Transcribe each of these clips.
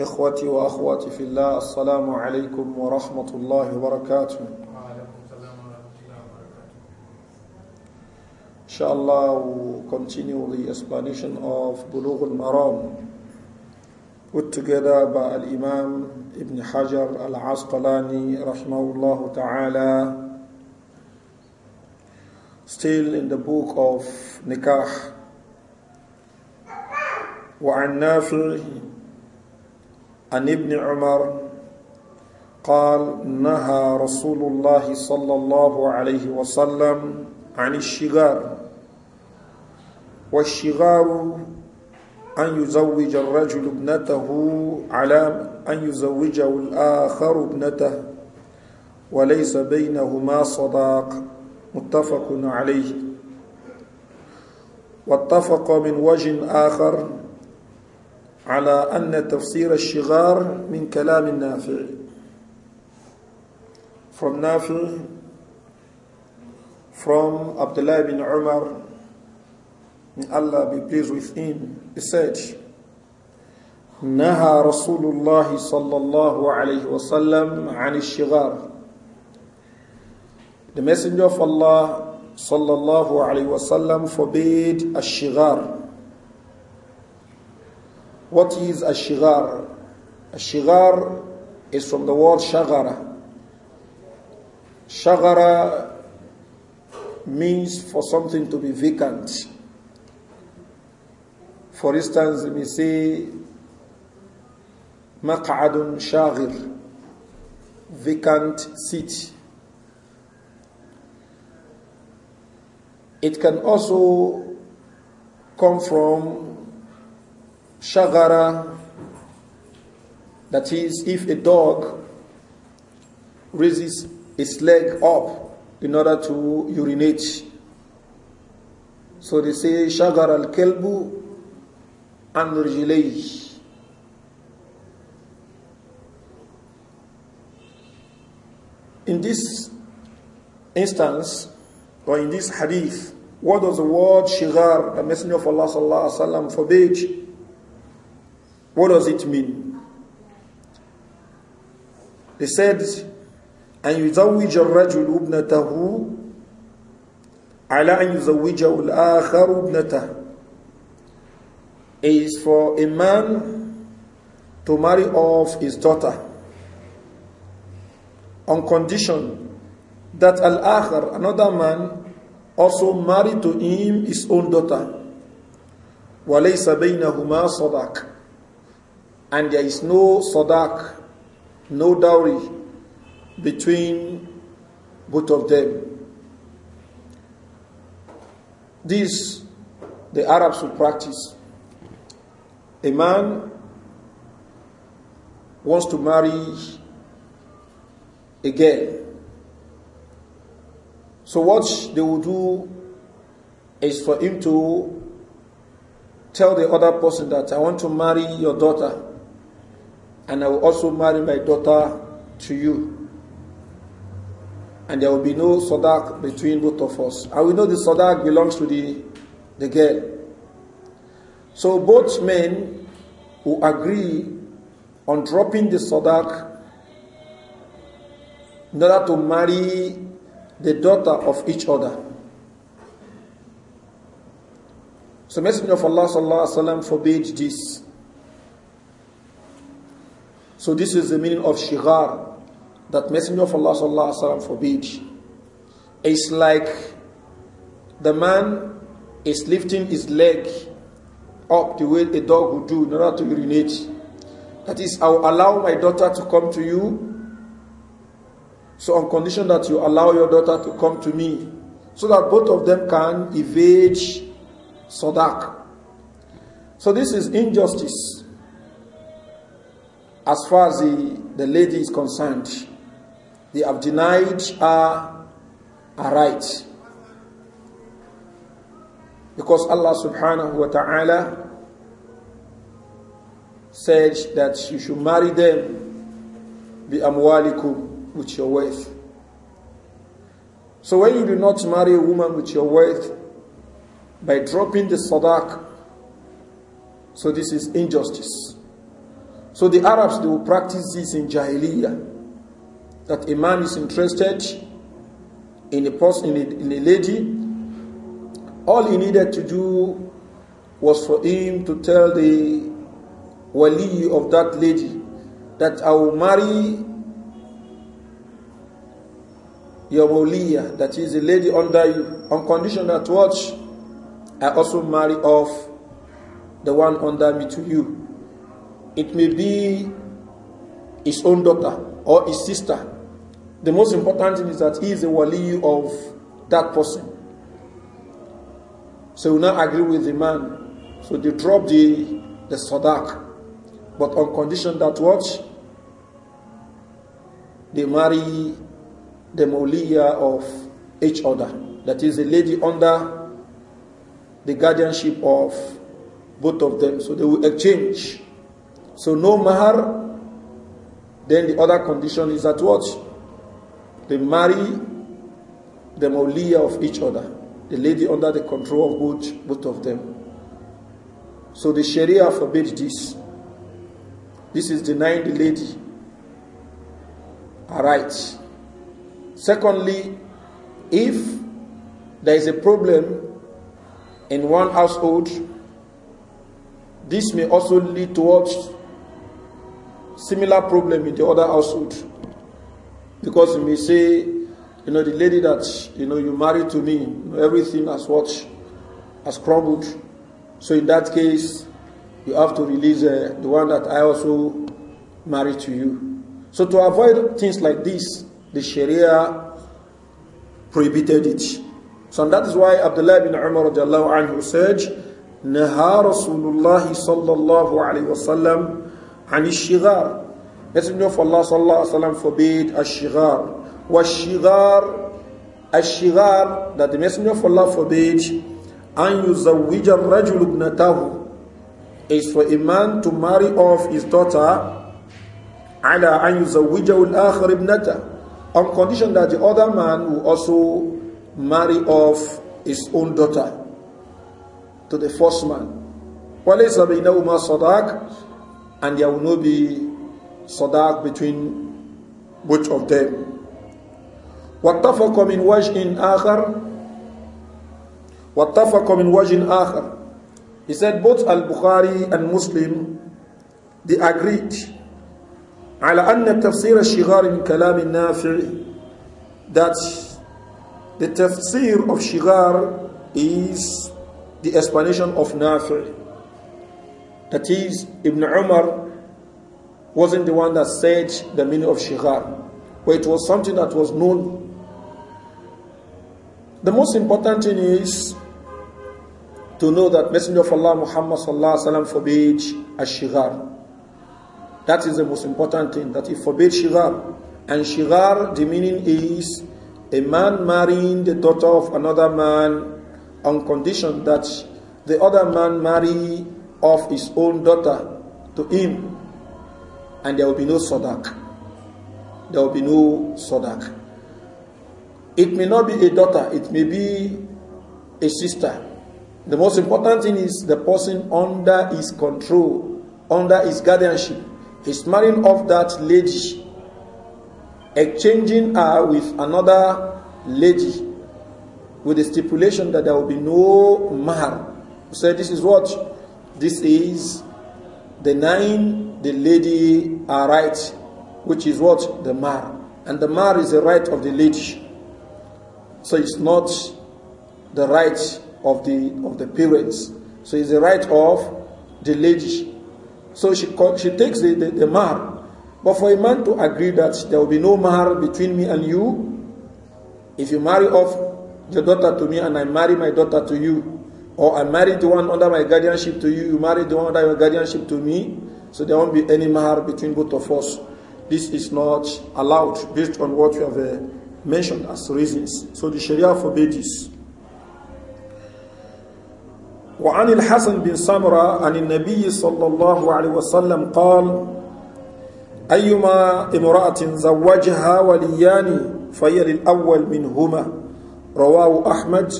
إخوتي وأخواتي في الله السلام عليكم ورحمة الله وبركاته إن Inshallah, we'll continue the explanation of بلوغ المرام put together by الإمام ابن حجر العسقلاني رحمه الله تعالى still in the book of نكاح وعن نافل عن ابن عمر قال نهى رسول الله صلى الله عليه وسلم عن الشغار والشغار أن يزوج الرجل ابنته على أن يزوجه الآخر ابنته وليس بينهما صداق متفق عليه واتفق من وجه آخر على أن تفسير الشغار من كلام النافع from نافع from عبد الله بن عمر may Allah be pleased with him he said نهى رسول الله صلى الله عليه وسلم عن الشغار the messenger of Allah صلى الله عليه وسلم forbade الشغار What is a shigar? A shigar is from the word shagara. Shagara means for something to be vacant. For instance, we say maq'adun shagir, vacant seat. It can also come from shagara, that is, if a dog raises its leg up in order to urinate. So they say, shagar al kelbu an In this instance, or in this hadith, what does the word shigar, the Messenger of Allah sallallahu alaihi wasallam, what does it mean? They said, أن يزوج الرجل ابنته على أن يزوجه الآخر ابنته is for a man to marry off his daughter on condition that al-akhar another man also marry to him his own daughter وليس بينهما صداق and there is no sadaq, no dowry between both of them. This the Arabs will practice. A man wants to marry a girl. So what they will do is for him to tell the other person that I want to marry your daughter and I will also marry my daughter to you. And there will be no sadaq between both of us. And we know the sadaq belongs to the, the girl. So both men who agree on dropping the sadaq in order to marry the daughter of each other. So Messenger of Allah sallallahu alaihi wasallam forbade this. So this is the meaning of shigar, that Messenger of Allah sallallahu alaihi wasallam forbids. It's like the man is lifting his leg up the way a dog would do in order to urinate. That is, I'll allow my daughter to come to you. So on condition that you allow your daughter to come to me, so that both of them can evade sodak. So this is injustice as far as the, the lady is concerned, they have denied her a right. Because Allah subhanahu wa ta'ala said that you should marry them bi amwalikum with your wealth. So when you do not marry a woman with your wealth by dropping the sadaq, so this is injustice. So the Arabs, they will practice this in Jahiliyyah. That a man is interested in a person, in a, in a lady. All he needed to do was for him to tell the wali of that lady that I will marry your wali that is a lady under you, on condition that what I also marry off the one under me to you. It may be his own daughter or his sister. The most important thing is that he is the wali of that person. So you now agree with the man. So they drop the, the sadaq. But on condition that what? They marry the mawliya of each other. That is a lady under the guardianship of both of them. So they will exchange. So no mahar. Then the other condition is that what? They marry the mawliya of each other. The lady under the control of both, both of them. So the Sharia forbids this. This is denying the lady her rights. Secondly, if there is a problem in one household, this may also lead towards similar problem in the other household. Because you may say, you know, the lady that you know you married to me, you know, everything has what has crumbled. So in that case, you have to release uh, the one that I also married to you. So to avoid things like this, the Sharia prohibited it. So and that is why Abdullah bin Umar anhu said, Naha Rasulullah sallallahu alayhi wa sallam عن الشغار Messenger of Allah sallallahu alaihi wasallam forbade ash-shighar. was الشغار، والشغار، الشغار، that the Messenger of Allah forbade an yuzawwij ar-rajul ibnatahu is for a man to marry off his daughter على أن يزوج الآخر ابنته، on condition that the other man will also marry off his own daughter to the first man. وَلَيْسَ بَيْنَهُمَا صَدَاقٌ and there will not be sadaq between both of them. واتفق من وجه آخر واتفق من وجه آخر He said both Al-Bukhari and Muslim they agreed على أن تفسير الشغار من كلام النافع that the tafsir of shigar is the explanation of Nafi' That is, Ibn Umar wasn't the one that said the meaning of shigar, but it was something that was known. The most important thing is to know that Messenger of Allah Muhammad sallam, forbade ash-shighar. is the most important thing, that he forbade shigar, And shigar the meaning is a man marrying the daughter of another man on condition that the other man marry of his own daughter to him, and there will be no sodak. There will be no sodak. It may not be a daughter, it may be a sister. The most important thing is the person under his control, under his guardianship. He's marrying off that lady, exchanging her with another lady, with the stipulation that there will be no mahar. So this is what this is denying the lady a right, which is what? The mar. And the mar is the right of the lady. So it's not the right of the of the parents. So it's the right of the lady. So she she takes the, the, the mar. But for a man to agree that there will be no mar between me and you, if you marry off your daughter to me and I marry my daughter to you, or I married the one under my guardianship to you, you married the one under your guardianship to me, so there won't be any mahar between both of us. This is not allowed based on what we have uh, mentioned as reasons. So the Sharia forbade this. وعن الحسن بن سمرة عن النبي صلى الله عليه وسلم قال أيما امرأة زوجها وليان فهي للأول منهما رواه أحمد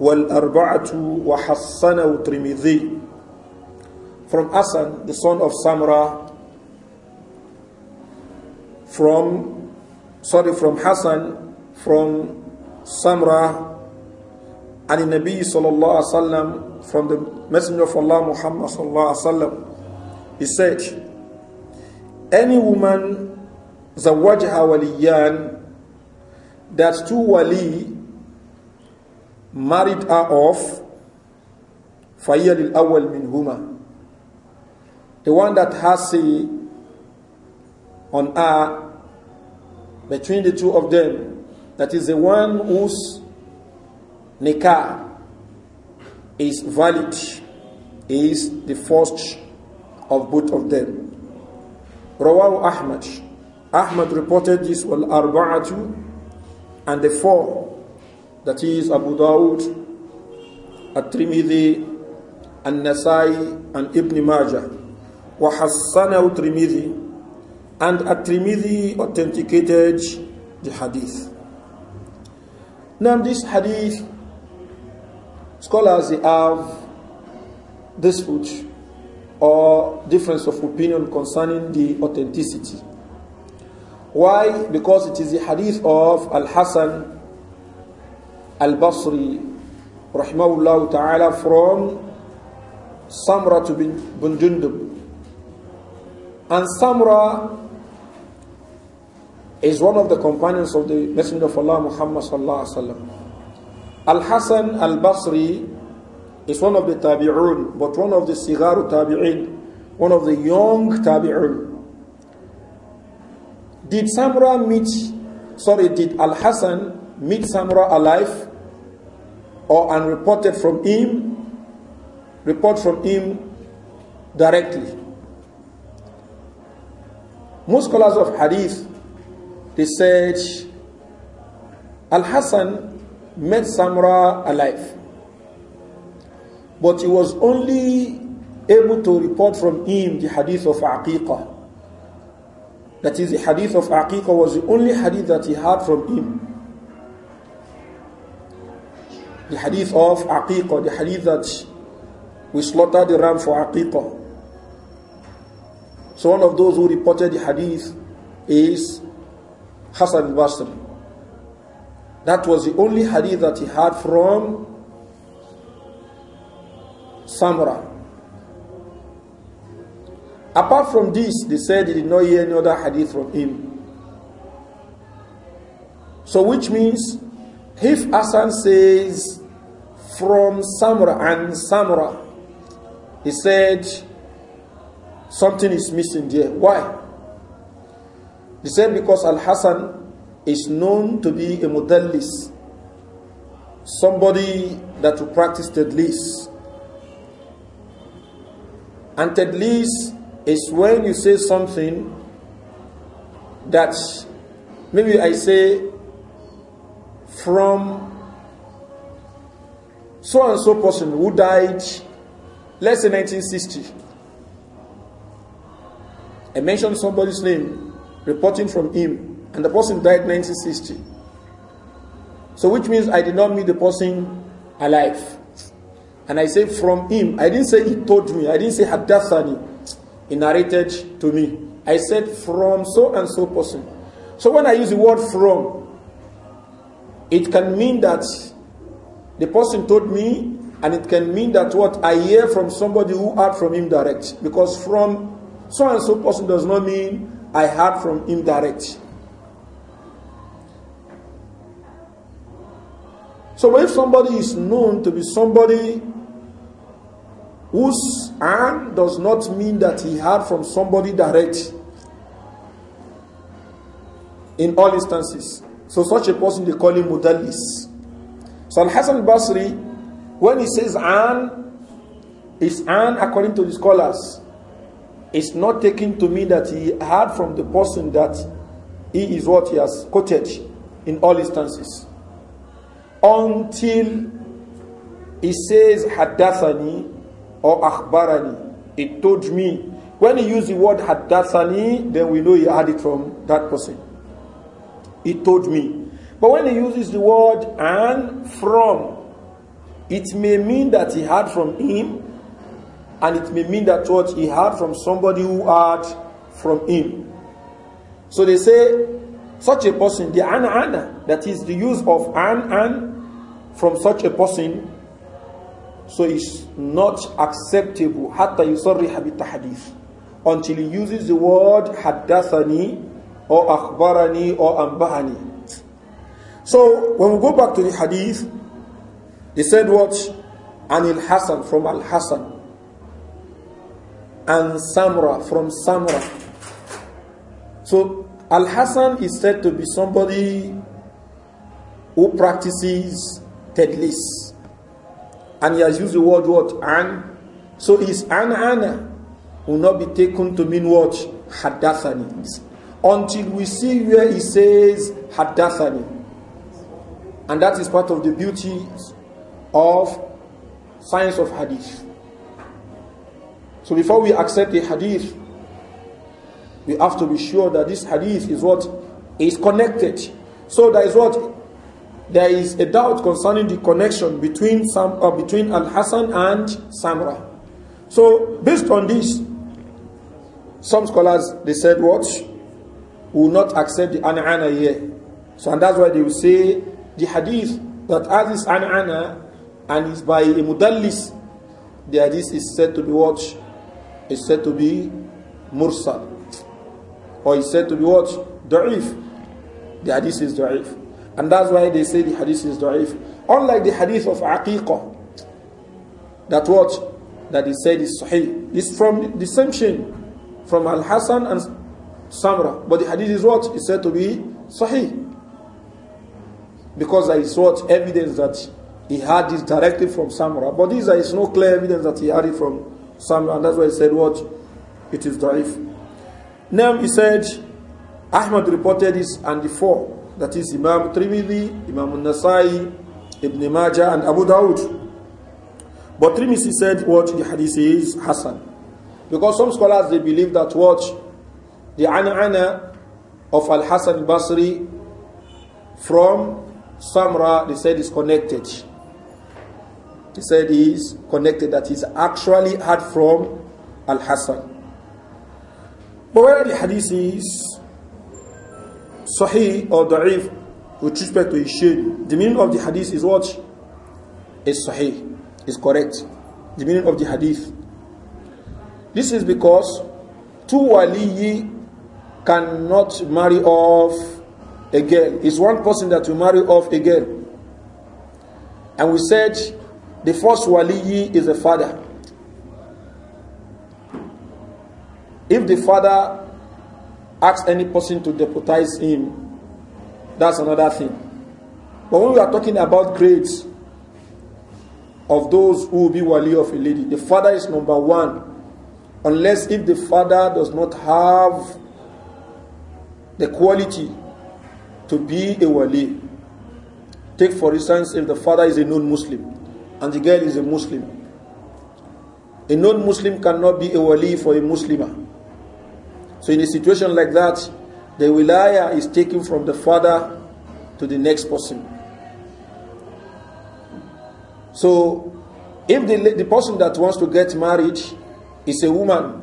والأربعة وَحَسَنٌ الترمذي from Asan the son of Samra from sorry from Hassan from Samra and the Nabi الله عليه وسلم, from the Messenger of Allah Muhammad sallallahu عليه wasallam he said any woman zawajha waliyan that two wali married her off, فَيَّ لِلْأَوَّلْ مِنْهُمَا The one that has say on her between the two of them, that is the one whose nikah is valid, is the first of both of them. Rawahu Ahmad. Ahmad reported this wal arba'atu and the four that is Abu Dawud, At-Tirmidhi, An-Nasai, and Ibn Majah. Wa hassanahu Tirmidhi, and At-Tirmidhi authenticated the hadith. Now this hadith, scholars have dispute or difference of opinion concerning the authenticity. Why? Because it is the hadith of Al-Hasan al-Basri, الله تعالى from Samra to جندب And Samra is one of the companions of the Messenger of Allah Muhammad صلى الله عليه Al-Hasan al-Basri is one of the tabi'un, but one of the صغار تابعين one of the young tabi'un. Did Samra meet, sorry, did Al-Hasan meet Samra alive or unreported from him, report from him directly. Most scholars of hadith they said Al Hassan met Samra alive, but he was only able to report from him the hadith of Aqiqah. That is, the hadith of Aqiqah was the only hadith that he had from him. The hadith of Aqiqah, the hadith that we slaughter the ram for Aqiqah. So one of those who reported the hadith is Hassan al-Basri. That was the only hadith that he had from Samra. Apart from this, they said they did not hear any other hadith from him. So which means if Hassan says from Samra and Samra. He said, Something is missing there. Why? He said, Because Al Hassan is known to be a modellis, somebody that will practice Tedlis, And Tedlis is when you say something that maybe I say from so and so person who died, let's say 1960. I mentioned somebody's name, reporting from him, and the person died 1960. So, which means I did not meet the person alive. And I say from him, I didn't say he told me, I didn't say Hadassani, he narrated to me. I said from so and so person. So, when I use the word from, it can mean that the person told me, and it can mean that what I hear from somebody who heard from him direct. Because from so and so person does not mean I heard from him direct. So if somebody is known to be somebody whose hand does not mean that he heard from somebody direct in all instances. So such a person they call him modalis. So Al-Hasan Basri, when he says an, is an according to the scholars. It's not taken to mean that he heard from the person that he is what he has quoted in all instances. Until he says hadathani or akhbarani, it told me. When he used the word hadathani, then we know he had it from that person. He told me. But when he uses the word and from, it may mean that he had from him, and it may mean that what he had from somebody who had from him. So they say, such a person, the an ana, that is the use of an an from such a person, so it's not acceptable. Hatta yusarriha bitahadith. Until he uses the word haddathani or akhbarani or ambahani. So when we go back to the hadith, they said what? Anil Hassan from Al Hassan. And Samra from Samra. So Al Hassan is said to be somebody who practices tedlis. And he has used the word what? An. So his an ana will not be taken to mean what? Hadathani. Until we see where he says Hadathani. And that is part of the beauty of science of hadith. So before we accept a hadith, we have to be sure that this hadith is what is connected. So there is what there is a doubt concerning the connection between some uh, between Al Hasan and Samra. So based on this, some scholars they said what will not accept the an'ana here. So and that's why they will say the hadith that has is an ana and is by a mudallis, the hadith is said to be what? Is said to be mursal. Or is said to be what? Da'if. The hadith is da'if. And that's why they say the hadith is da'if. Unlike the hadith of Aqiqah, that what? That is said is sahih. It's from the same chain, from Al Hasan and Samra. But the hadith is what? said to be sahih because there is what evidence that he had this directly from Samuel. But this, there is no clear evidence that he had it from Samuel, and that's why he said what it is da'if. Now he said, Ahmad reported this and the four, that is Imam Trimidi, Imam Nasai, Ibn Majah, and Abu Dawud. But Trimisi said what the hadith is Hassan. Because some scholars they believe that what the Ana of Al Hassan Basri from Samra, they said, is connected. They said he is connected, that is actually heard from Al Hassan. But whether the hadith is sahih or da'if with respect to his the meaning of the hadith is what? Is sahih, is correct. The meaning of the hadith. This is because two waliyi cannot marry off Again, it's one person that we marry off again, And we said the first waliyi is the father. If the father asks any person to deputize him, that's another thing. But when we are talking about grades of those who will be wali of a lady, the father is number one. Unless if the father does not have the quality to be a wali. Take for instance, if the father is a non-Muslim and the girl is a Muslim. A non-Muslim cannot be a wali for a Muslimah. So in a situation like that, the wilaya is taken from the father to the next person. So if the, the person that wants to get married is a woman,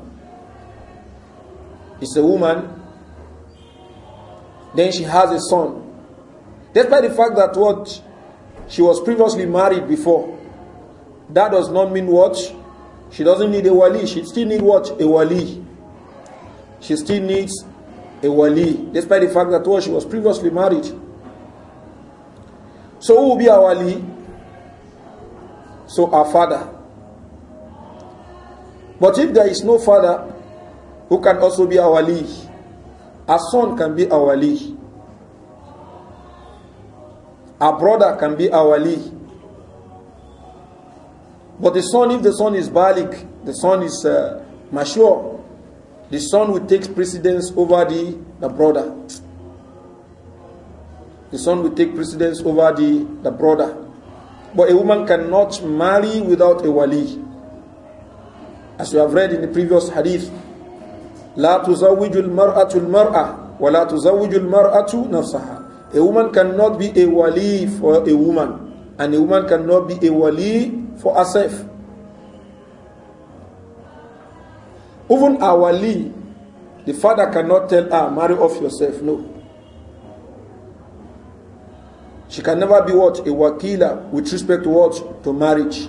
is a woman, Then she has a son. Despite the fact that what she was previously married before, that does not mean what she doesn't need a wali. She still needs what a wali. She still needs a wali, despite the fact that what she was previously married. So who will be our wali? So our father. But if there is no father, who can also be our wali? A son can be a wali. A brother can be a wali. But the son, if the son is balik, the son is uh, mature, the son will take precedence over the, the brother. The son will take precedence over the, the brother. But a woman cannot marry without a wali. As we have read in the previous hadith, la tuzawwiju al-mar'atu al-mar'a wa la tuzawwiju maratu nafsaha a woman cannot be a wali for a woman and a woman cannot be a wali for herself even a wali the father cannot tell her marry off yourself no she can never be what a wakila with respect to what to marriage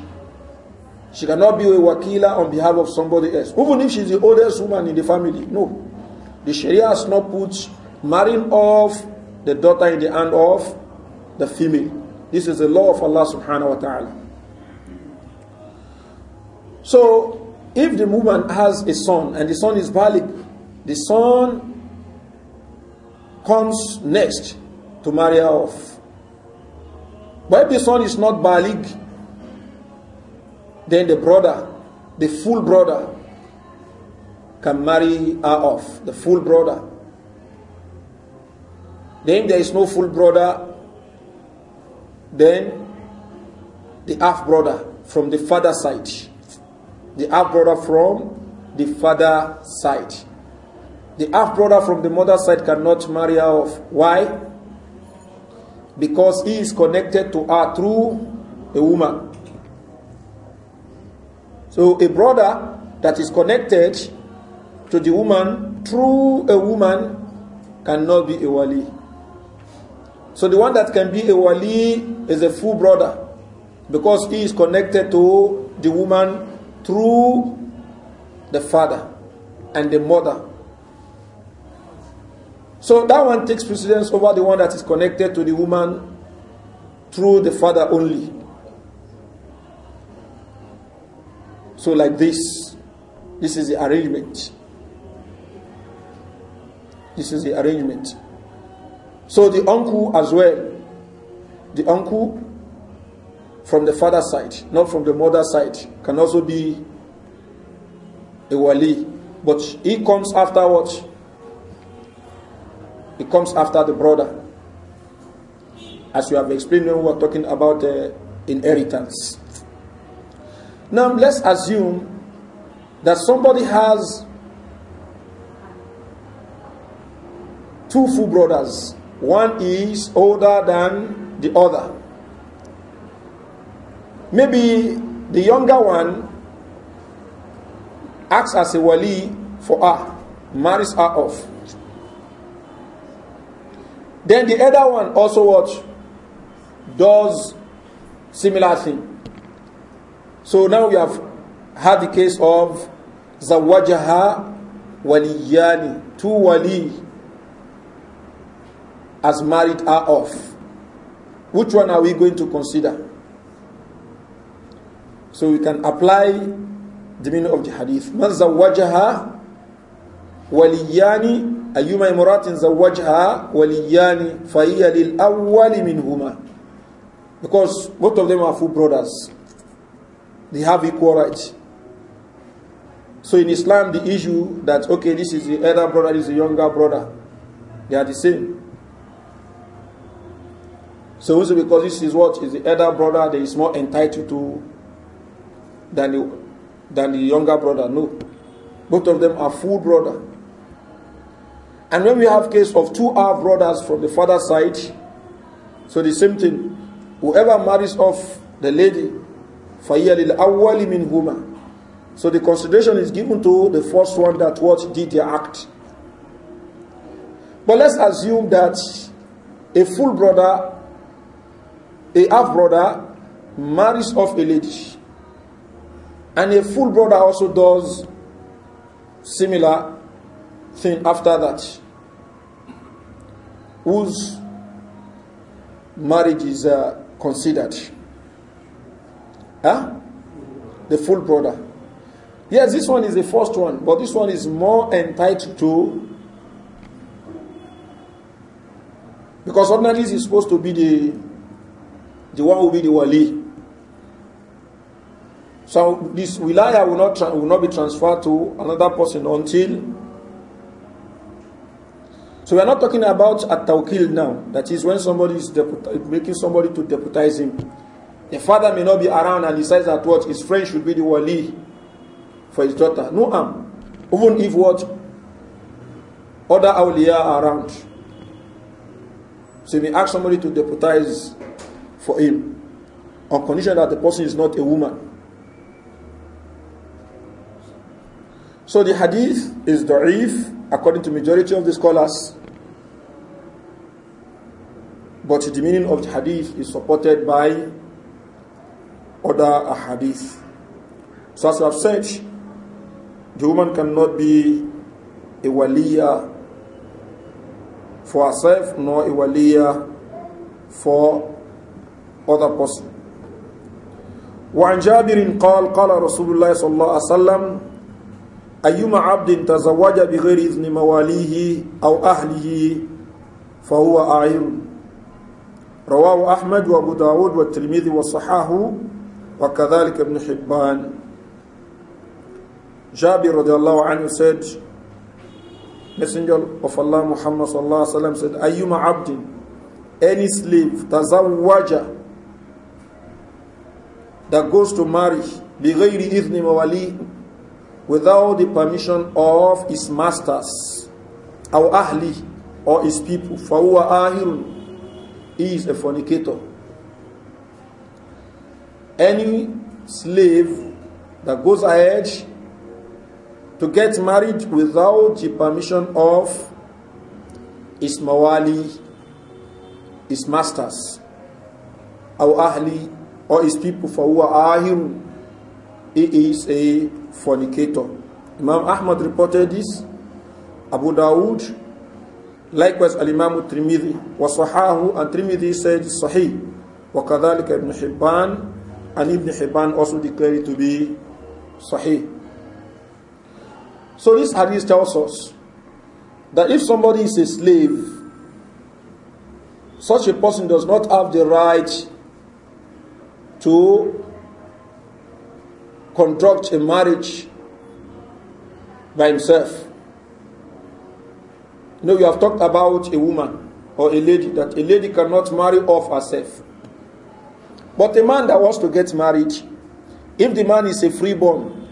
She cannot be a wakila on behalf of somebody else. Even if she's the oldest woman in the family. No. The Sharia has not put marrying off the daughter in the hand of the female. This is the law of Allah subhanahu wa ta'ala. So, if the woman has a son and the son is Balik, the son comes next to marry her off. But if the son is not Balik, then the brother, the full brother, can marry her off. The full brother. Then there is no full brother, then the half brother from the father side. The half brother from the father side. The half brother from the mother side cannot marry her off. Why? Because he is connected to her through a woman. So a brother that is connected to the woman through a woman cannot be a wali. So the one that can be a wali is a full brother because he is connected to the woman through the father and the mother. So that one takes precedence over the one that is connected to the woman through the father only. So, like this, this is the arrangement. This is the arrangement. So, the uncle as well, the uncle from the father's side, not from the mother's side, can also be a wali. But he comes after what? He comes after the brother. As we have explained when we were talking about uh, inheritance. Now, let's assume that somebody has two full brothers. One is older than the other. Maybe the younger one acts as a wali for her, marries her off. Then the other one also what does similar thing. So now we have had the case of Zawajaha Waliyani, two wali has married her off. Which one are we going to consider? So we can apply the meaning of the hadith. Man zawajaha waliyani ayyuma imratin zawajaha waliyani fahiya lil awwali minhuma. Because both of them are full brothers. they have equal rights. So in Islam, the issue that, okay, this is the elder brother, this is the younger brother, they are the same. So also because this is what is the elder brother that is more entitled to than the, than the younger brother. No. Both of them are full brother. And when we have case of two half brothers from the father side, so the same thing. Whoever marries off the lady fayalil awwali min huma so the consideration is given to the first one that what did the act but let's assume that a full brother a half brother marries off a lady and a full brother also does similar thing after that whose marriage is uh, considered Huh? The full brother. Yes, this one is the first one, but this one is more entitled to. Because ordinarily is supposed to be the the one who will be the wali. So this wilaya will not will not be transferred to another person until. So we are not talking about ataukil tawkil now. That is when somebody is making somebody to deputize him. The father may not be around and decides that what his friend should be the wali for his daughter. No harm. Um, even if what other awliya are around. So you may ask somebody to deputize for him on condition that the person is not a woman. So the hadith is da'if according to majority of the scholars. But the meaning of the hadith is supported by other hadith. So as I've said, the woman cannot be a waliya for herself nor a waliya for other person. وعن جابر قال قال رسول الله صلى الله عليه وسلم أيما عبد تزوج بغير إذن مواليه أو أهله فهو أعين رواه أحمد وأبو داود والترمذي وصححه وكذلك Ibn Hibban. Jabir radiallahu anhu said, Messenger of Allah Muhammad sallallahu alaihi wasallam said, Ayyuma abdin, any slave, tazawwaja, that goes to marry, bighayri idhni mawali, without the permission of his masters, aw ahli, or his people, fahuwa ahirun, he is a fornicator. any slave that goes ahead to get married without the permission of his mawali, his masters, our ahli, or his people for who are him, he is a fornicator. Imam Ahmad reported this, Abu Dawood, likewise Al-Imam Trimidi, wa Sahahu, and Trimidi said Sahih, وكذلك ابن حبان and Ibn Hibban also declared it to be Sahih. So this hadith tells us that if somebody is a slave, such a person does not have the right to conduct a marriage by himself. You know, you have talked about a woman or a lady that a lady cannot marry off herself. But a man that wants to get married, if the man is a freeborn,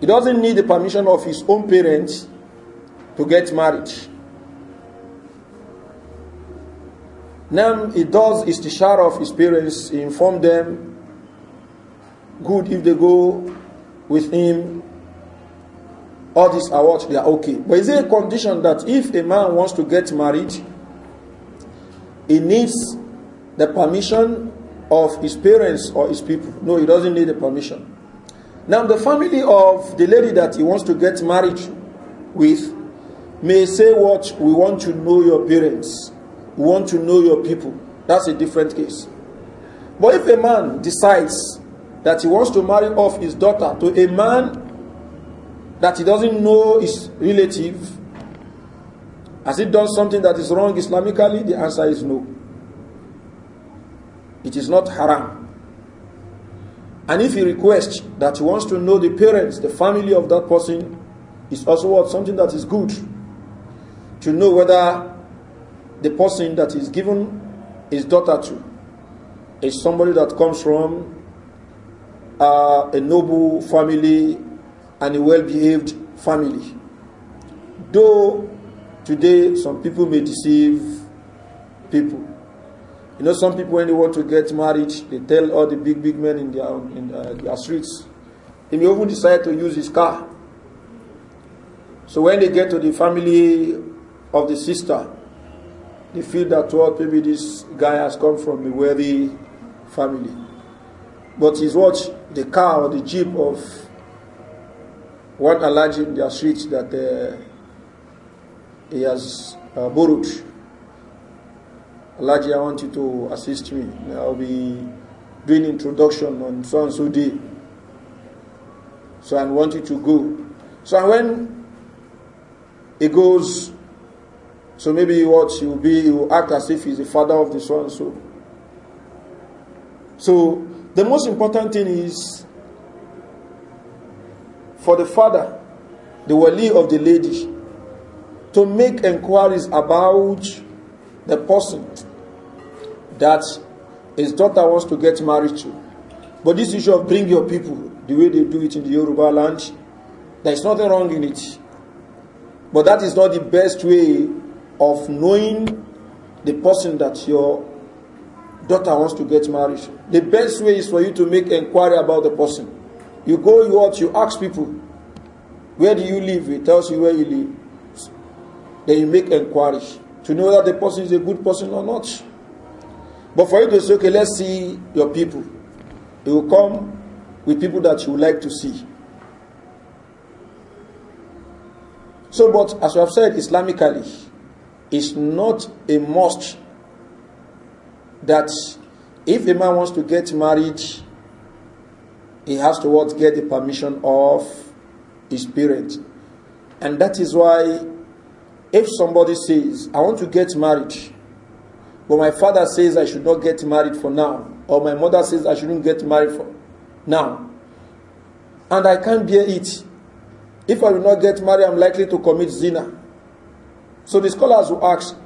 he doesn't need the permission of his own parents to get married. Now he does is the share of his parents, he inform them good if they go with him. All these are what they are okay. But is it a condition that if a man wants to get married, he needs the permission of his parents or his people. No, he doesn't need a permission. Now, the family of the lady that he wants to get married with may say, What? We want to know your parents. We want to know your people. That's a different case. But if a man decides that he wants to marry off his daughter to a man that he doesn't know his relative, has he done something that is wrong Islamically? The answer is no. It is not haram. And if he requests that he wants to know the parents, the family of that person, is also what something that is good to know whether the person that is given his daughter to is somebody that comes from uh, a noble family and a well-behaved family. Though today some people may deceive people You know, some people when they want to get married, they tell all the big big men in their in uh, their streets. They may even decide to use his car. So when they get to the family of the sister, they feel that well, maybe this guy has come from a wealthy family, but he's what the car or the jeep of one alleged in their streets that uh, he has uh, borrowed. Alaji, I want you to assist me. I'll be doing introduction on so and so day. So I want you to go. So when he goes, so maybe what he will be, he will act as if he's the father of the so and so. So the most important thing is for the father, the wali of the lady, to make inquiries about the person that his daughter wants to get married to. But this issue of bring your people, the way they do it in the Yoruba land, there is nothing wrong in it. But that is not the best way of knowing the person that your daughter wants to get married to. The best way is for you to make inquiry about the person. You go, you out, you ask people, where do you live? He tells you where you live. Then you make inquiries. to know that the person is a good person or not. But for you to say, okay, let's see your people, you will come with people that you would like to see. So, but as we have said, Islamically, it's not a must that if a man wants to get married, he has to what, get the permission of his parents, And that is why If somebody says, I want to get married, but my father says I should not get married for now, or my mother says I shouldn't get married for now, and I can't bear it, if I do not get married, I'm likely to commit zina. So the scholars will ask,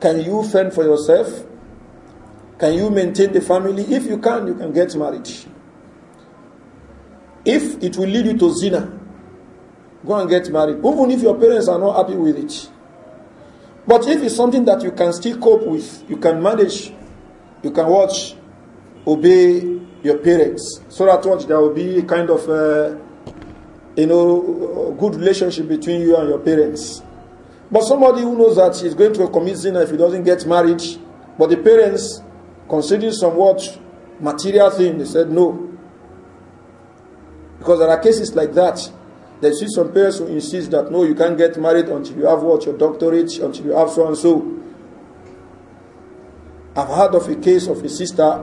can you fend for yourself? Can you maintain the family? If you can, you can get married. If it will lead you to zina, Go and get married, even if your parents are not happy with it. But if it's something that you can still cope with, you can manage, you can watch, obey your parents, so that what there will be kind of uh, you know good relationship between you and your parents. But somebody who knows that he's going to commit sin if he doesn't get married, but the parents considering somewhat material thing, they said no. Because there are cases like that. There see some parents who insist that no, you can't get married until you have what your doctorate, until you have so and so. I've heard of a case of a sister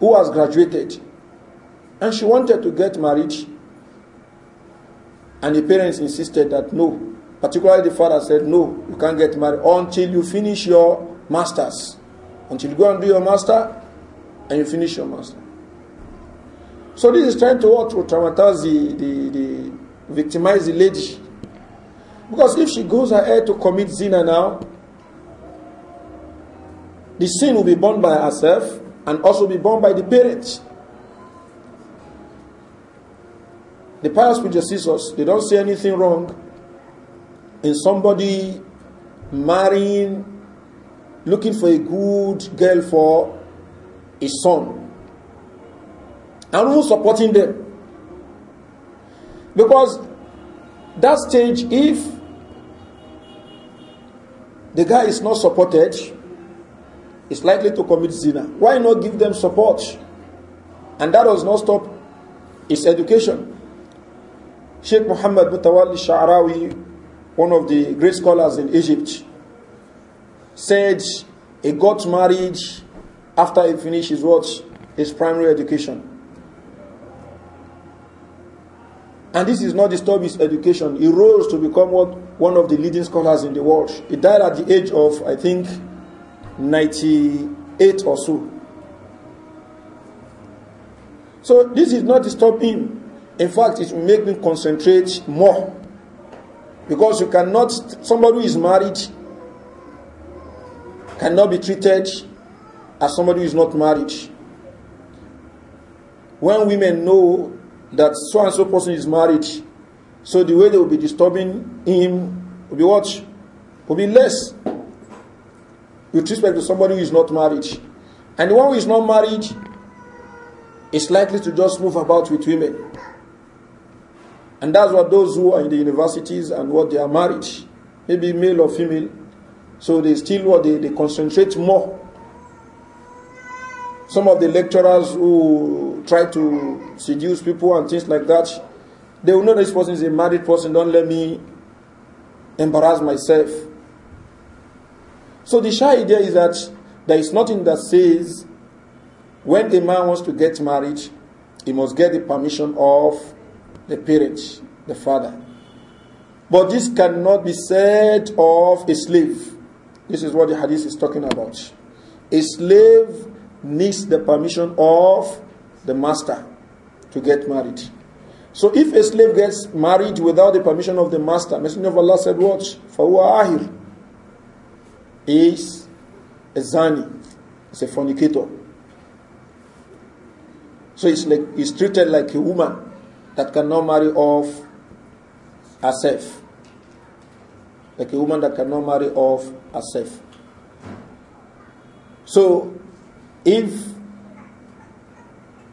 who has graduated and she wanted to get married. And the parents insisted that no, particularly the father said, No, you can't get married until you finish your master's. Until you go and do your master and you finish your master. So this is trying to what to traumatize the, the, the victimize the lady. Because if she goes ahead to commit zina now, the sin will be borne by herself and also be borne by the parents. The parents with Jesus, They don't see anything wrong in somebody marrying, looking for a good girl for a son. And who's supporting them? Because that stage, if the guy is not supported, is likely to commit zina. Why not give them support? And that does not stop his education. Sheikh Muhammad Mutawalli Sha'rawi, one of the great scholars in Egypt, said he got married after he finished his what? His primary education. And this is not disturb his education. He rose to become what, one of the leading scholars in the world. He died at the age of, I think, 98 or so. So this is not disturbing him. In fact, it will make me concentrate more. Because you cannot, somebody who is married cannot be treated as somebody who is not married. When women know that so and so person is married. So the way they will be disturbing him will be what? Will be less with respect to somebody who is not married. And the one who is not married is likely to just move about with women. And that's what those who are in the universities and what they are married, maybe male or female, so they still what they, they concentrate more some of the lecturers who try to seduce people and things like that, they will know this person is a married person. Don't let me embarrass myself. So the shy idea is that there is nothing that says when a man wants to get married, he must get the permission of the parent, the father. But this cannot be said of a slave. This is what the hadith is talking about. A slave needs the permission of the master to get married. So if a slave gets married without the permission of the master, Messenger of Allah said, What? Fahuwa is a zani, is a fornicator. So it's like it's treated like a woman that cannot marry off herself. Like a woman that cannot marry off herself. So if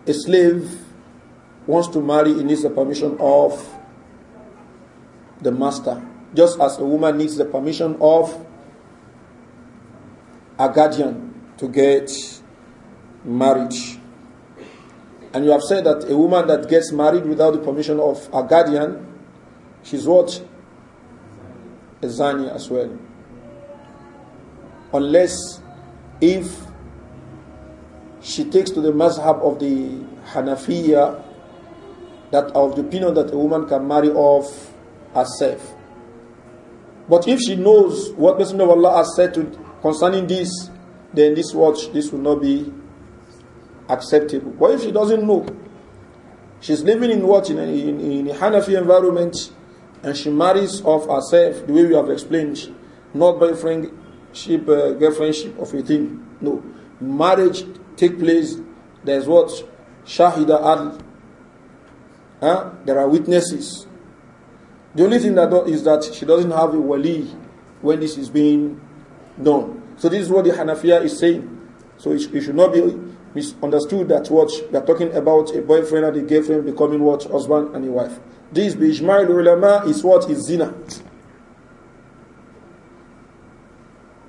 a slave wants to marry, he needs the permission of the master, just as a woman needs the permission of a guardian to get married. And you have said that a woman that gets married without the permission of a guardian, she's what? A zani as well. Unless if she takes to the mazhab of the Hanafiya that of the opinion that a woman can marry off herself. But if she knows what Messenger of Allah has said to, concerning this, then this watch this will not be acceptable. But if she doesn't know, she's living in what in a, in, in a Hanafi environment, and she marries off herself the way we have explained, not by friendship, uh, girlfriendship of a thing. No, marriage take place, there's what? Shahida Adl. Huh? There are witnesses. The only thing that is that she doesn't have a wali when this is being done. So this is what the Hanafiya is saying. So it, it should not be misunderstood that what we are talking about a boyfriend and a girlfriend becoming what husband and a wife. This bijma'il ulama is what is zina.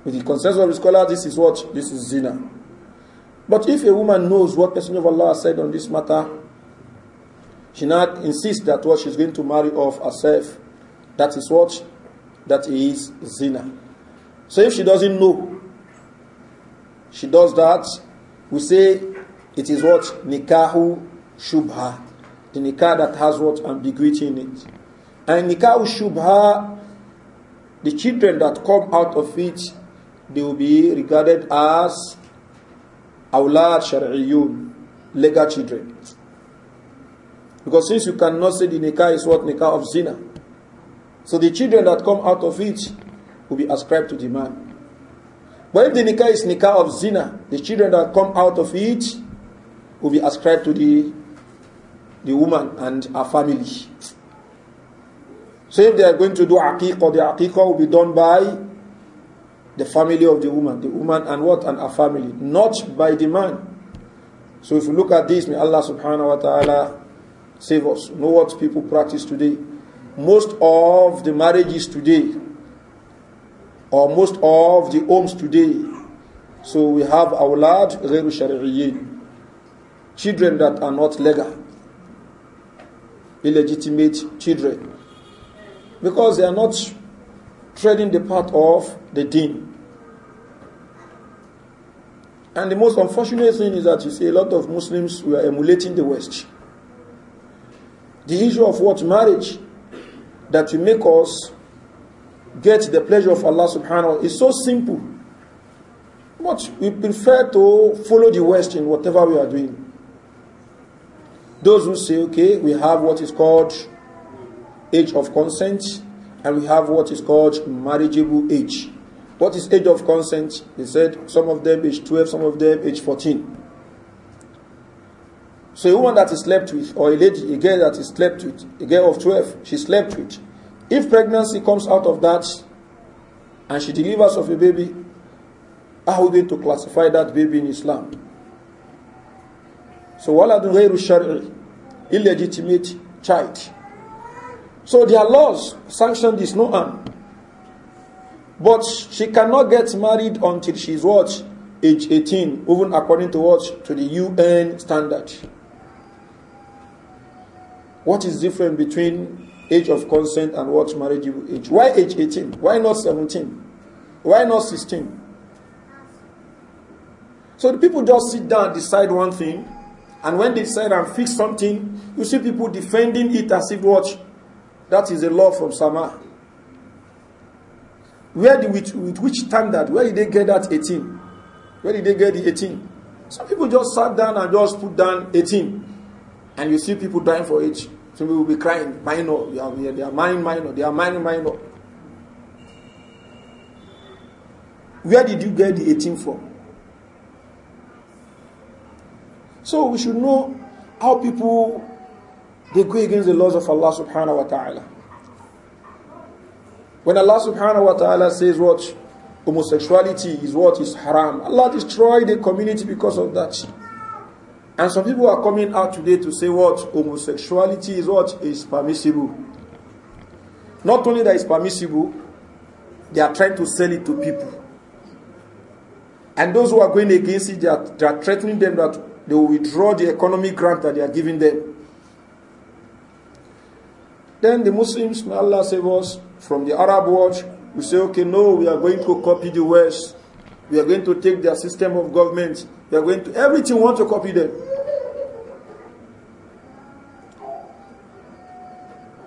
With the consensus of the scholar, this is what this is zina. But if a woman knows what Messenger of Allah said on this matter, she not insists that what she's going to marry off herself, that is what? That is zina. So if she doesn't know, she does that, we say it is what? Nikahu shubha. The nikah that has what? Ambiguity in it. And nikahu shubha, the children that come out of it, they will be regarded as awlad shar'iyun, legal children. Because since you cannot say the nikah is what nikah of zina, so the children that come out of it will be ascribed to the man. But if the nikah is nikah of zina, the children that come out of it will be ascribed to the the woman and her family. So if they are going to do aqiqah, the aqiqah will be done by the family of the woman, the woman and what? And her family, not by the man. So if you look at this, may Allah subhanahu wa ta'ala save us. Know what people practice today. Most of the marriages today, or most of the homes today, so we have our large شرعيين. Children that are not legal. Illegitimate children. Because they are not treading the path of the deen. And the most unfortunate thing is that you see a lot of Muslims are emulating the West. The issue of what marriage that will make us get the pleasure of Allah subhanahu wa ta'ala is so simple. But we prefer to follow the West in whatever we are doing. Those who say, okay, we have what is called age of consent, and we have what is called marriageable age. What is age of consent? They said some of them age 12, some of them age 14. So a woman that is slept with, or a lady, a girl that is slept with, a girl of 12, she slept with. If pregnancy comes out of that and she delivers of a baby, how are we going to classify that baby in Islam? So, waladun ghayru shari'i, illegitimate child. So their laws sanction this, no harm. But she cannot get married until she's what? Age 18, even according to what? To the UN standard. What is different between age of consent and what marriage age? Why age 18? Why not 17? Why not 16? So the people just sit down decide one thing, and when they decide and fix something, you see people defending it as if what That is a law from Sama. Where did, with, with which standard? Where did they get that 18? Where did they get the 18? Some people just sat down and just put down 18. And you see people dying for it. Some people will be crying, minor, they are, they are mine, minor, they are mine, minor. Where did you get the 18 from? So we should know how people They go against the laws of Allah subhanahu wa ta'ala. When Allah subhanahu wa ta'ala says what? Homosexuality is what is haram. Allah destroyed the community because of that. And some people are coming out today to say what? Homosexuality is what? Is permissible. Not only that it's permissible, they are trying to sell it to people. And those who are going against it, they are, they are threatening them that they will withdraw the economic grant that they are giving them. Then the Muslims, may Allah save us, from the Arab world, we say, okay, no, we are going to copy the West. We are going to take their system of government. We are going to, everything want to copy them.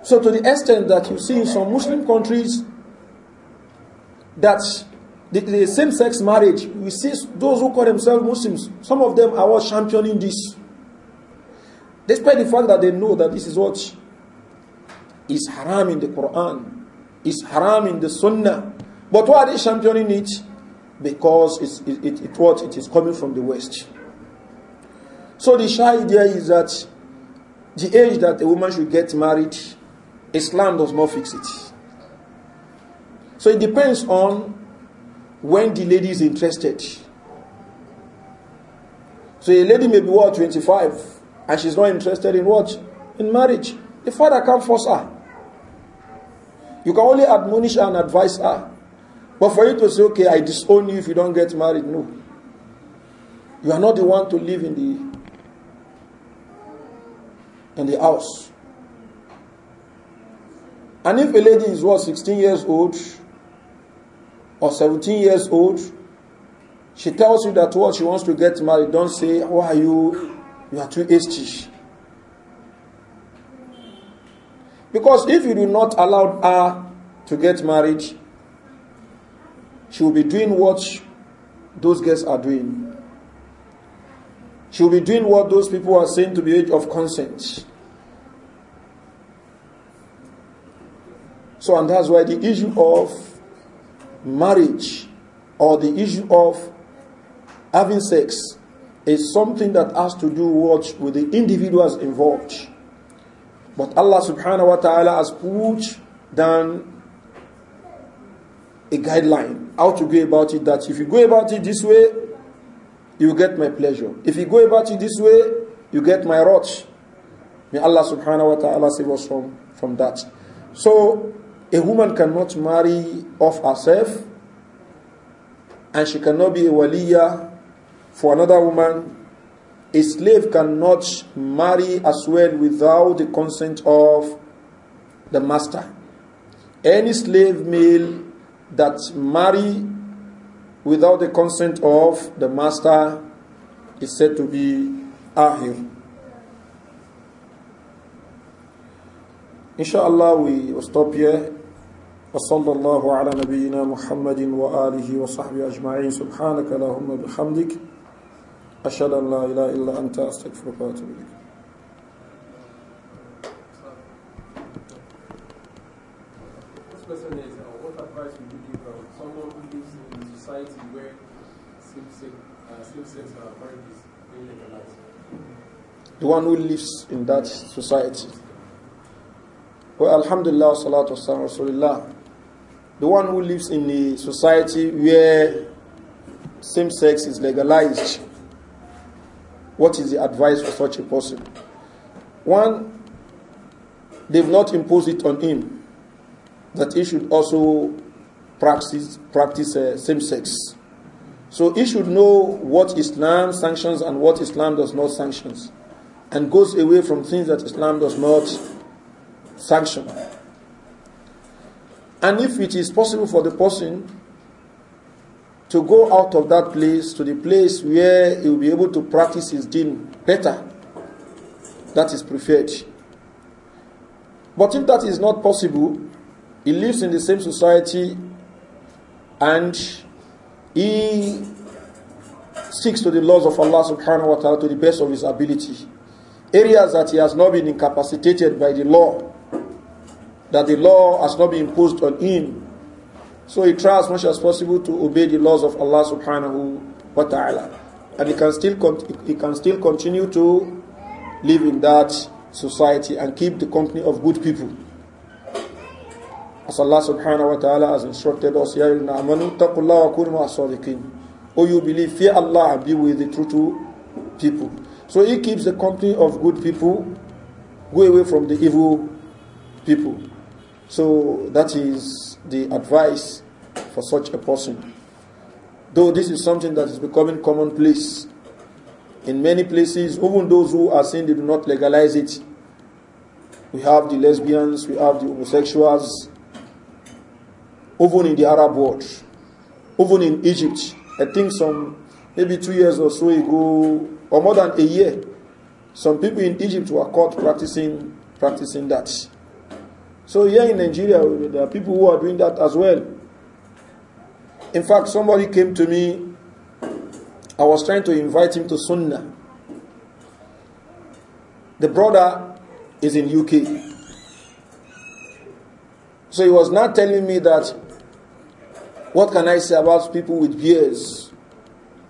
So to the extent that you see in some Muslim countries that the, the same-sex marriage, we see those who call themselves Muslims, some of them are all championing this. Despite the fact that they know that this is what is haram in the Quran, is haram in the Sunnah. But why are they championing it? Because it's, it, it, it what it is coming from the West. So the shy idea is that the age that a woman should get married, Islam does not fix it. So it depends on when the lady is interested. So a lady may be what, 25, and she's not interested in what? In marriage. The father can't force her. You can only admonish her and advise her. But for you to say, okay, I disown you if you don't get married, no. You are not the one to live in the in the house. And if a lady is what 16 years old or 17 years old, she tells you that what she wants to get married, don't say, Why are you? You are too hasty. Because if you do not allow her to get married, she will be doing what those girls are doing. She will be doing what those people are saying to be age of consent. So, and that's why the issue of marriage or the issue of having sex is something that has to do what with the individuals involved. But Allah subhanahu wa ta'ala has put down a guideline how to go about it that if you go about it this way, you get my pleasure. If you go about it this way, you get my wrath. May Allah subhanahu wa ta'ala save us from, from that. So a woman cannot marry off herself and she cannot be a waliya for another woman a slave cannot marry as well without the consent of the master. Any slave male that marry without the consent of the master is said to be ahir. Inshallah, we will stop here. وصلى الله على نبينا محمد وآله وصحبه أجمعين سبحانك اللهم بحمدك أشهد أن لا إله إلا أنت أستغفرك وأتوب إليك Question is, uh, what advice would you give uh, someone who lives in a society where same-sex marriage is The one who lives in that society. Well, Alhamdulillah, Salatu Wasalam Rasulillah. The one who lives in a society where same sex is legalized what is the advice for such a person? One, they've not imposed it on him that he should also practice, practice uh, same sex. So he should know what Islam sanctions and what Islam does not sanctions, and goes away from things that Islam does not sanction. And if it is possible for the person to go out of that place to the place where he will be able to practice his deen better. That is preferred. But if that is not possible, he lives in the same society and he sticks to the laws of Allah subhanahu wa ta'ala to the best of his ability. Areas that he has not been incapacitated by the law, that the law has not been imposed on him, So he tries as much as possible to obey the laws of Allah subhanahu wa ta'ala. And he can still he can still continue to live in that society and keep the company of good people. As Allah subhanahu wa ta'ala has instructed us, Ya amanu taqullah wa O oh, you believe, fear Allah and be with the true people. So he keeps the company of good people, go away from the evil people. So that is the advice for such a person. Though this is something that is becoming commonplace in many places, even those who are saying they do not legalize it. We have the lesbians, we have the homosexuals, even in the Arab world, even in Egypt. I think some maybe two years or so ago, or more than a year, some people in Egypt were caught practicing practicing that. So here in Nigeria, there are people who are doing that as well. In fact, somebody came to me. I was trying to invite him to Sunnah. The brother is in UK. So he was not telling me that what can I say about people with beards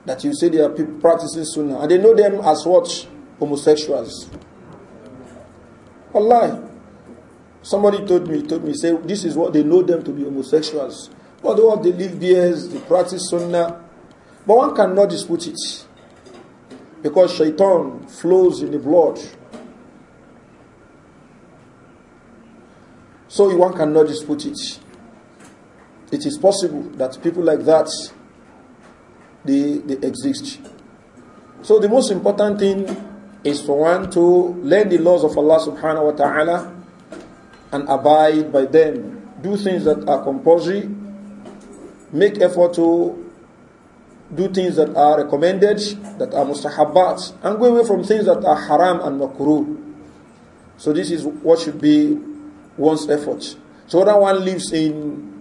that you say they are practicing Sunnah and they know them as what? Homosexuals. Allah. Somebody told me, told me, say this is what they know them to be homosexuals. But what they live beers, they practice sunnah. But one cannot dispute it. Because shaitan flows in the blood. So one cannot dispute it. It is possible that people like that they, they exist. So the most important thing is for one to learn the laws of Allah subhanahu wa ta'ala and abide by them. Do things that are compulsory. Make effort to do things that are recommended, that are mustahabbat, and go away from things that are haram and makruh. So this is what should be one's effort. So whether one lives in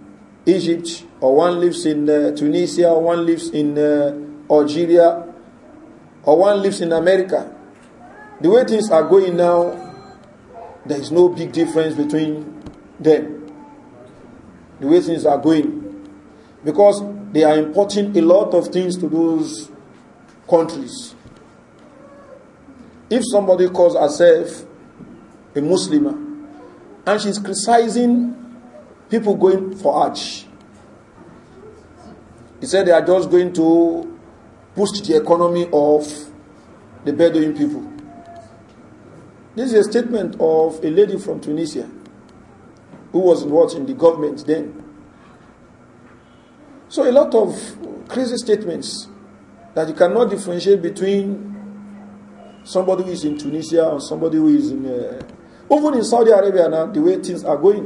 Egypt, or one lives in uh, Tunisia, or one lives in uh, Algeria, or one lives in America, the way things are going now, there is no big difference between them, the way things are going. Because they are importing a lot of things to those countries. If somebody calls herself a Muslim and she's criticizing people going for Hajj, he said they are just going to boost the economy of the Bedouin people. This is a statement of a lady from Tunisia who was what in the government then. So a lot of crazy statements that you cannot differentiate between somebody who is in Tunisia and somebody who is in uh, even in Saudi Arabia now the way things are going.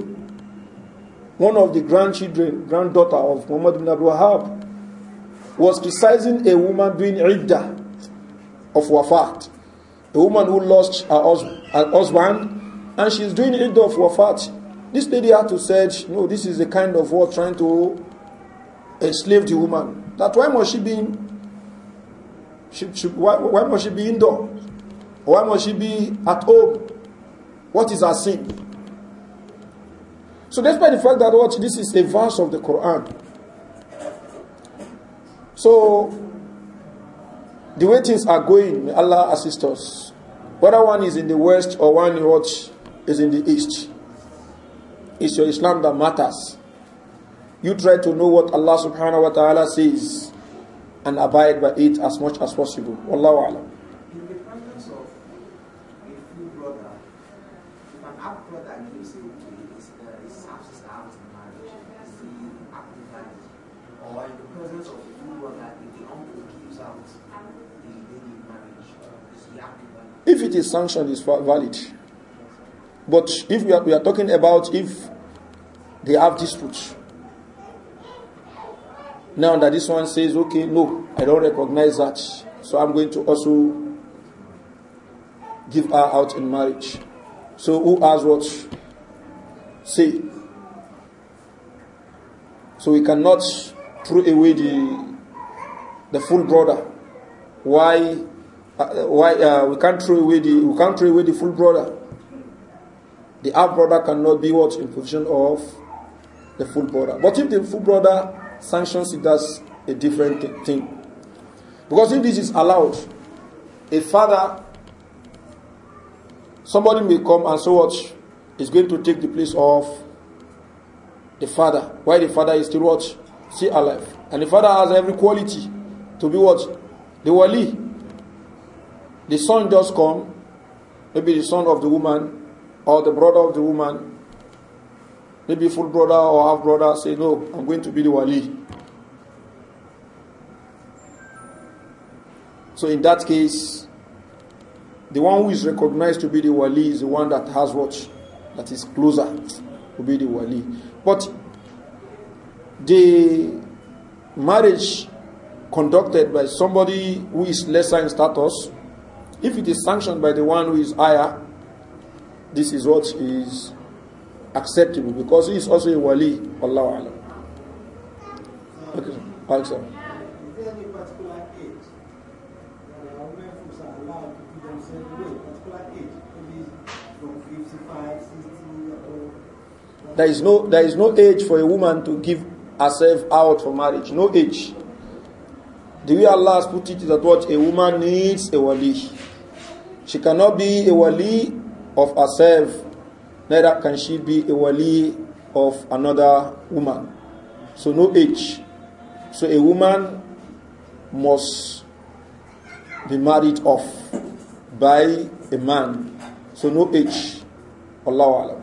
One of the grandchildren, granddaughter of Muhammad bin Abdul Wahab, was criticizing a woman doing iddah of wafat, a woman who lost her husband. her husband, and she's doing it of wafat. This lady had to say, no, this is the kind of war trying to enslave the woman. That why must she be, she, she, why, why must she be indoor? Why must she be at home? What is her sin? So despite the fact that what this is a verse of the Quran. So the way things are going, Allah assist us. Whether one is in the west or one what is in the east, it's your Islam that matters. You try to know what Allah subhanahu wa ta'ala says and abide by it as much as possible. Wallahu alam. If it is sanctioned, is valid. But if we are, we are talking about if they have disputes, now that this one says, okay, no, I don't recognize that, so I'm going to also give her out in marriage. So who has what? Say. So we cannot throw away the the full brother. Why Uh, why uh, we can't throw away the we can't throw away the full brother. The half brother cannot be what in position of the full brother. But if the full brother sanctions it, that's a different thing. Because if this is allowed, a father, somebody may come and so what is going to take the place of the father. Why the father is still what? see alive. And the father has every quality to be what? The wali. The son just come, maybe the son of the woman or the brother of the woman, maybe full brother or half brother, say, No, I'm going to be the wali. So in that case, the one who is recognized to be the wali is the one that has what? That is closer to be the wali. But the marriage conducted by somebody who is lesser in status if it is sanctioned by the one who is higher, this is what is acceptable because he is also a wali. Allah Okay, thanks, sir. There is no there is no age for a woman to give herself out for marriage. No age. The way Allah has put it is that what a woman needs a wali. She cannot be a wali of herself, neither can she be a wali of another woman. So no age. So a woman must be married off by a man. So no age. Allahu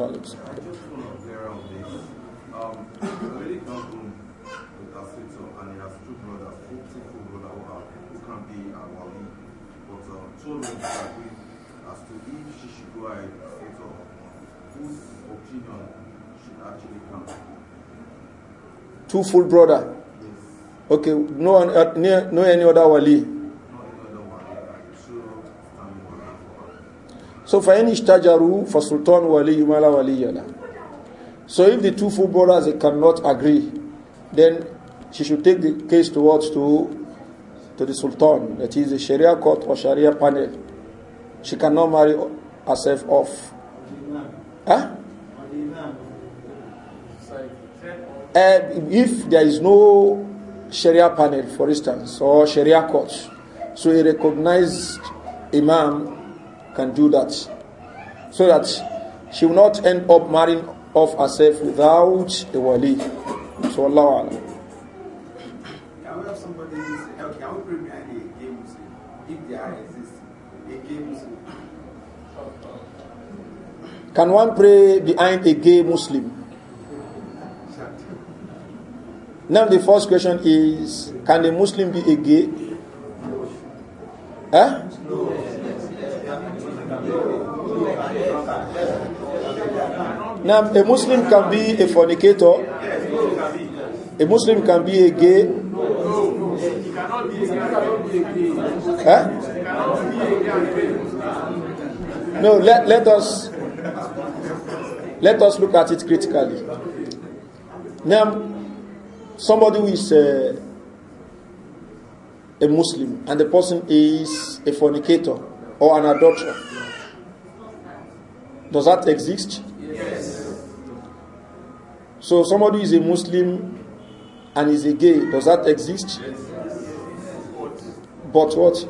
Alam. as to if she should go ahead at all, whose opinion should actually count. Two full brother. Okay, no, uh, near, no any other wali. So any stajaru for Sultan wali, لا wali له. So if the two full brothers they cannot agree, then she should take the case towards to to the sultan, that is the Sharia court or Sharia panel. She cannot marry herself off. Huh? Uh, if there is no Sharia panel, for instance, or Sharia court, so a recognized imam can do that. So that she will not end up marrying off herself without a wali. So Allah. Can one pray behind a gay Muslim? Now the first question is, can a Muslim be a gay? Eh? Now a Muslim can be a fornicator. A Muslim can be a gay. Eh? No, let, let us Let us look at it critically. Now, somebody who is a, uh, a Muslim and the person is a fornicator or an adulterer, does that exist? Yes. So, somebody is a Muslim and is a gay, does that exist? Yes. But what?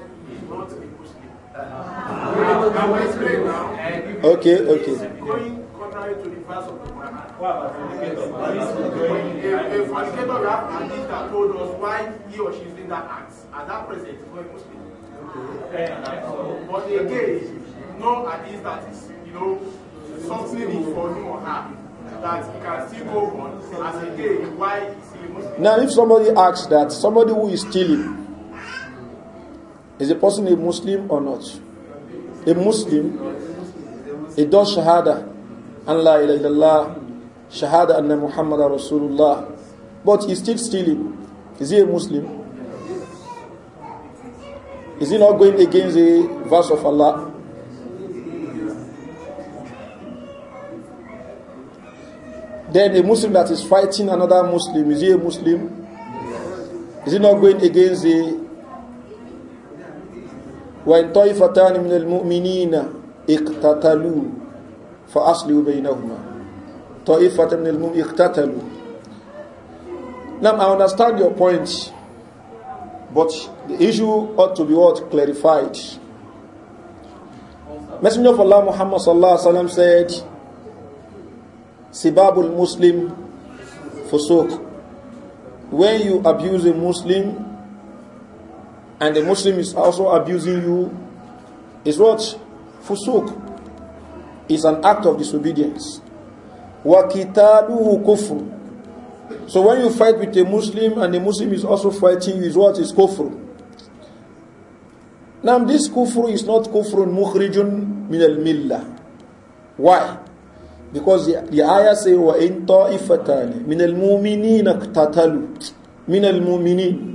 Okay, okay. married to the verse of the A, a fornicator, we an that told us why he or she is in that act. At that present, it's not Muslim. but again, no hadith that is, you know, something for him or her that he can still go on as a day why is he Now, if somebody asks that somebody who is stealing, is a person a Muslim or not? A Muslim, a does shahada an la ilaha illallah shahada anna muhammad rasulullah but he still stealing is he a muslim is he not going against the verse of allah then a muslim that is fighting another muslim is he a muslim is he not going against the وَإِنْ طَيْفَتَانِ مِنَ الْمُؤْمِنِينَ اِقْتَتَلُوا فأصلوا بينهما طائفة من المؤمنين اقتتلوا Now I understand your point, but the issue ought to be what clarified. Messenger of Allah Muhammad sallallahu alaihi wasallam said, "Sibabul Muslim fusuq." When you abuse a Muslim, and the Muslim is also abusing you, is what fusuq. is an act of disobedience. وَكِتَابُهُ kufr. So when you fight with a Muslim and a Muslim is also fighting you, is what is kufr. Now this kufr is not kufu mukhrijun min al-millah. Why? Because the, the ayah say وَإِن طَائِفَتَانِ مِنَ الْمُؤْمِنِينَ اقْتَتَلُوا مِنَ الْمُؤْمِنِينَ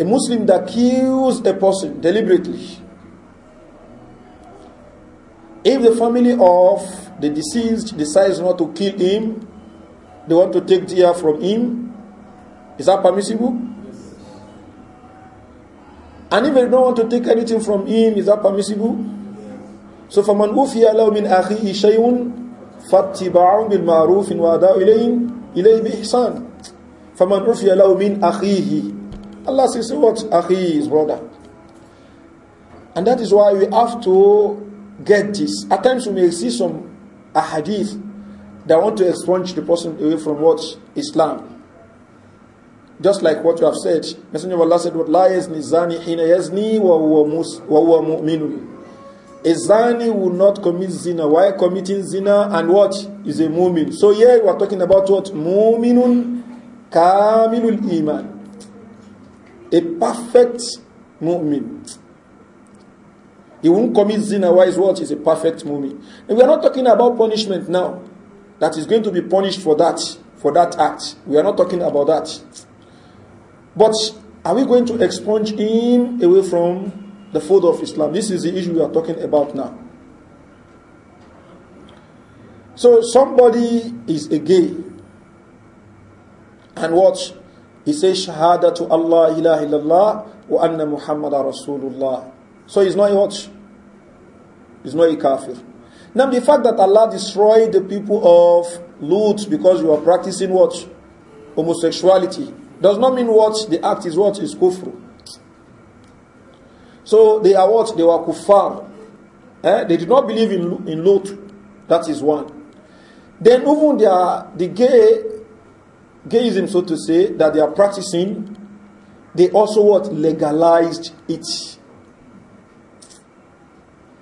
A Muslim that kills a person deliberately if the family of the deceased decides not to kill him, they want to take deer from him, is that permissible? Yes. And if they don't want to take anything from him, is that permissible? Yes. So فَمَنْ أُوفِيَ لَهُ مِنْ أَخِيهِ شَيْءٌ فَاتِّبَعٌ بِالْمَعْرُوفٍ وَأَدَاءُ إِلَيْهِ إِلَيْهِ بِإِحْسَانٍ فَمَنْ أُوفِيَ لَهُ مِنْ أَخِيهِ Allah says what? 'أَخِيهِ' is brother. And that is why we have to get this. At times we may see some hadith that want to expunge the person away from what? Islam. Just like what you have said, Messenger of Allah said, What lies nizani, zani hina yazni wa huwa mu'minun. A zani will not commit zina. Why committing zina and what is a mu'min? So here we are talking about what? Mu'minun kamilul iman. A perfect mu'min. He won't commit zina. wise is He's a perfect mu'min? And we are not talking about punishment now. That is going to be punished for that, for that act. We are not talking about that. But are we going to expunge him away from the fold of Islam? This is the issue we are talking about now. So somebody is a gay. And what? He says, Shahada to Allah ilaha illallah wa anna Muhammad Rasulullah. So he's not a what? He's not a kafir. Now the fact that Allah destroyed the people of Lut because you are practicing what? Homosexuality does not mean what the act is what is kufr. So they are what? They were kuffar. Eh? They did not believe in, in Lut. That is one. Then even they are, the gay, gayism, so to say, that they are practicing, they also what? Legalized it.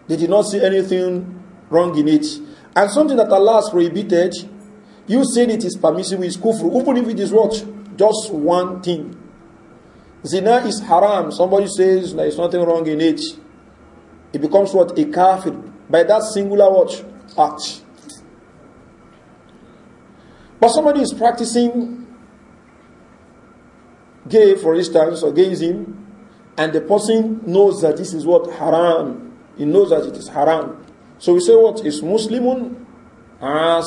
They did not see anything wrong in it. And something that Allah has prohibited, you said it is permissible is kufr, even if it is what? Just one thing. Zina is haram. Somebody says there is nothing wrong in it. It becomes what? A kafir. By that singular watch, act. But somebody is practicing gay, for instance, or gayism, and the person knows that this is what haram. he knows that it is haram. So we say what is Muslimun asin ah,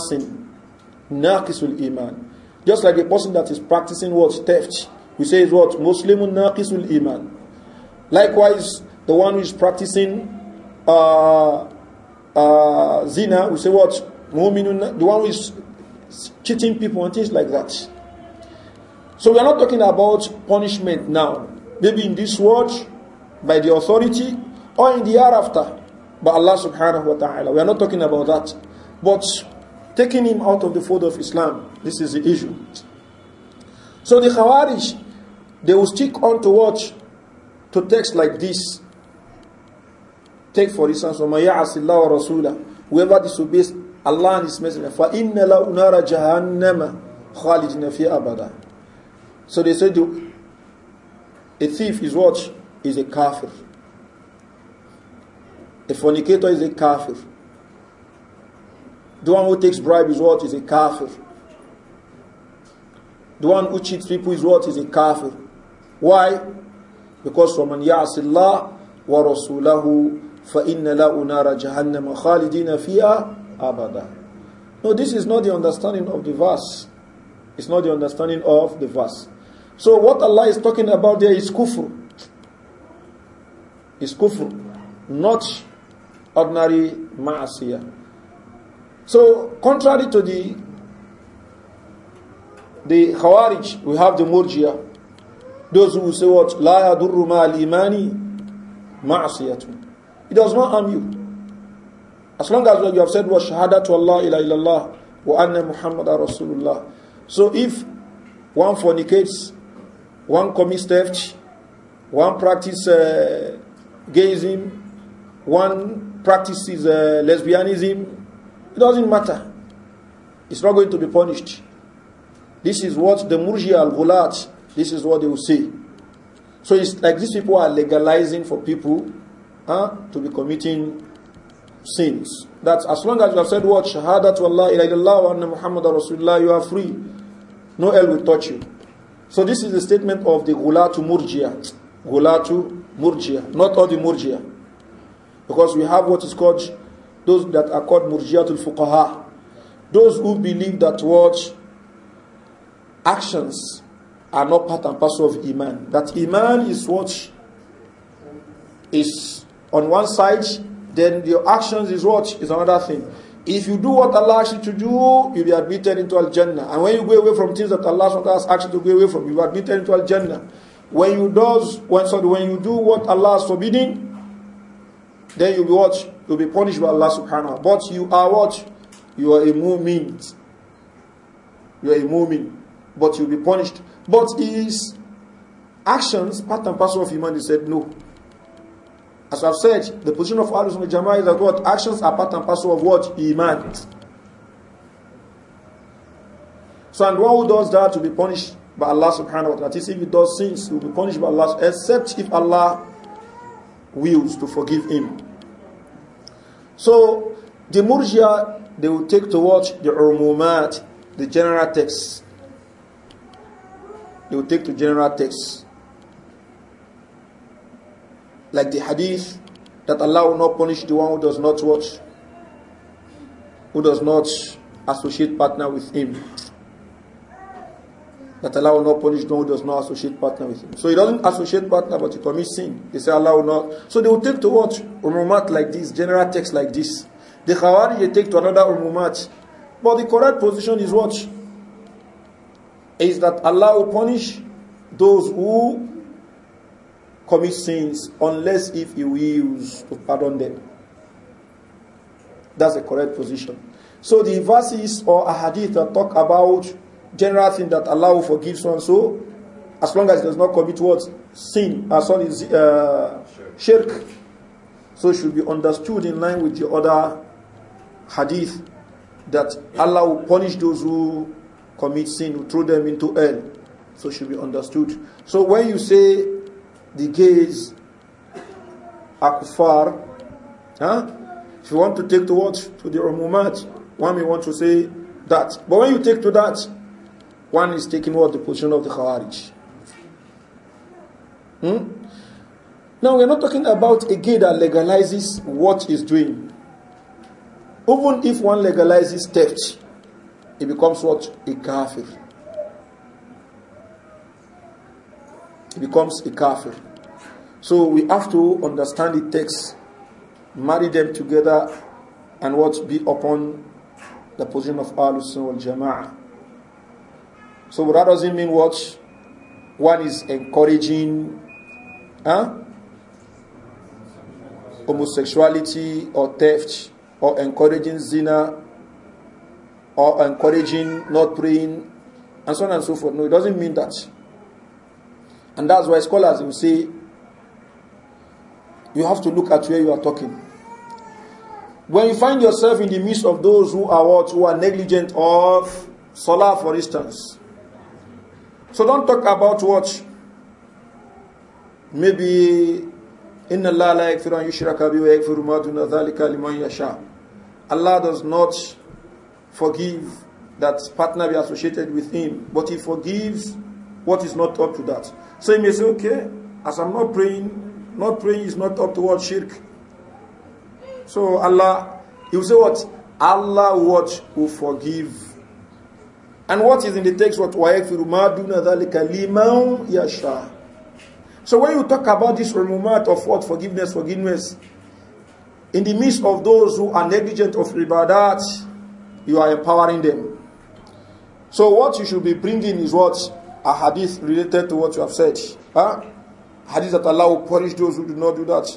naqisul iman. Just like a person that is practicing what theft, we say is what Muslimun naqisul iman. Likewise, the one who is practicing uh, uh, zina, we say what mu'minun, the one who is cheating people and things like that. So we are not talking about punishment now. Maybe in this world, by the authority, or in the year after by Allah subhanahu wa ta'ala. We are not talking about that. But taking him out of the fold of Islam, this is the issue. So the Khawarij, they will stick on to watch to texts like this. Take for instance, rasula. whoever disobeys Allah and His Messenger, فَإِنَّ Unara جَهَنَّمَ خَالِدِنَ فِي أَبَدًا So they said, a thief is what? Is a kafir. A fornicator is a kafir. The one who takes bribe is what? Is a kafir. The one who cheats people is what? Is a kafir. Why? Because وَمَنْ wa rasulahu fa inna la unara jahannam khalidina فِيهَا abada. No, this is not the understanding of the verse. It's not the understanding of the verse. So what Allah is talking about there is kufr. Is kufr. Not ordinary ma'asiyah. So, contrary to the the Khawarij, we have the Murjia. Those who say what? La yadurru ma al-imani It does not harm you. As long as you have said what to Allah ila illallah wa anna Muhammad Rasulullah. So if one fornicates, one commits theft, one practices uh, gazing, one practices uh, lesbianism, it doesn't matter. It's not going to be punished. This is what the Murji al Ghulat, this is what they will say. So it's like these people are legalizing for people huh, to be committing sins. That as long as you have said what shahada to Allah, wa Muhammad Rasulullah, you are free. No hell will touch you. So this is the statement of the Ghulatu Murjia. Ghulatu Murjia. Not all the Murjia. Because we have what is called those that are called murjiatul fuqaha. Those who believe that what actions are not part and parcel of iman. That iman is what is on one side, then your actions is what is another thing. If you do what Allah asks you to do, you'll be admitted into Al Jannah. And when you go away from things that Allah has asked you to go away from, you'll be admitted into Al Jannah. When you does, when sorry, when you do what Allah has forbidden, then you'll be what? You'll be punished by Allah subhanahu But you are what? You are a mu'min. You are a mu'min. But you'll be punished. But his actions, part and parcel of humanity, said no. As I've said, the position of Ahlus Sunnah Jama'ah is that what? Actions are part and parcel of what? Iman. So, and one who does that to be punished by Allah subhanahu wa ta'ala. That is, if he does sins, he will be punished by Allah, except if Allah wills to forgive him. So the Murjia, they will take to watch the Urmumat, the general texts. They will take to general texts. Like the hadith that Allah will not punish the one who does not watch, who does not associate partner with him. that Allah will not punish one who does not associate partner with him. So he doesn't associate partner, but he commits sin. They say Allah will not. So they will take to what? Umumat like this, general text like this. The Khawarij they take to another Umumat. But the correct position is what? Is that Allah will punish those who commit sins unless if he wills to pardon them. That's the correct position. So the verses or ahadith that talk about general thing that Allah will forgive so and so, as long as he does not commit what? Sin, as long as uh, shirk. So should be understood in line with the other hadith that Allah will punish those who commit sin, who throw them into hell. So should be understood. So when you say the gays are kufar, huh? if you want to take the what? To the umumat, one may want to say that. But when you take to that, one is taking what the position of the Khawarij. Hmm? Now we are not talking about a gay that legalizes what he's doing. Even if one legalizes theft, it becomes what? A kafir. It becomes a kafir. So we have to understand the text, marry them together, and what be upon the position of Ahlus Sunnah Jama'ah. So that doesn't mean what one is encouraging huh? homosexuality or theft or encouraging zina or encouraging not praying and so on and so forth. No, it doesn't mean that. And that's why scholars will say you have to look at where you are talking. When you find yourself in the midst of those who are what who are negligent of salah, for instance, So don't talk about what maybe inna Allah la yakfiru an yushraka wa yakfiru ma duna dhalika liman yasha. Allah does not forgive that partner be associated with him, but he forgives what is not up to that. So he may say, okay, as I'm not praying, not praying is not up to what shirk. So Allah, he will say what? Allah what will forgive and what is in the text? What وَيَكْفِرُ مَا دُونَ ذَلِكَ So when you talk about this rumumat of what? Forgiveness, forgiveness. In the midst of those who are negligent of that, you are empowering them. So what you should be bringing is what? A hadith related to what you have said. Huh? Hadith that Allah will punish those who do not do that.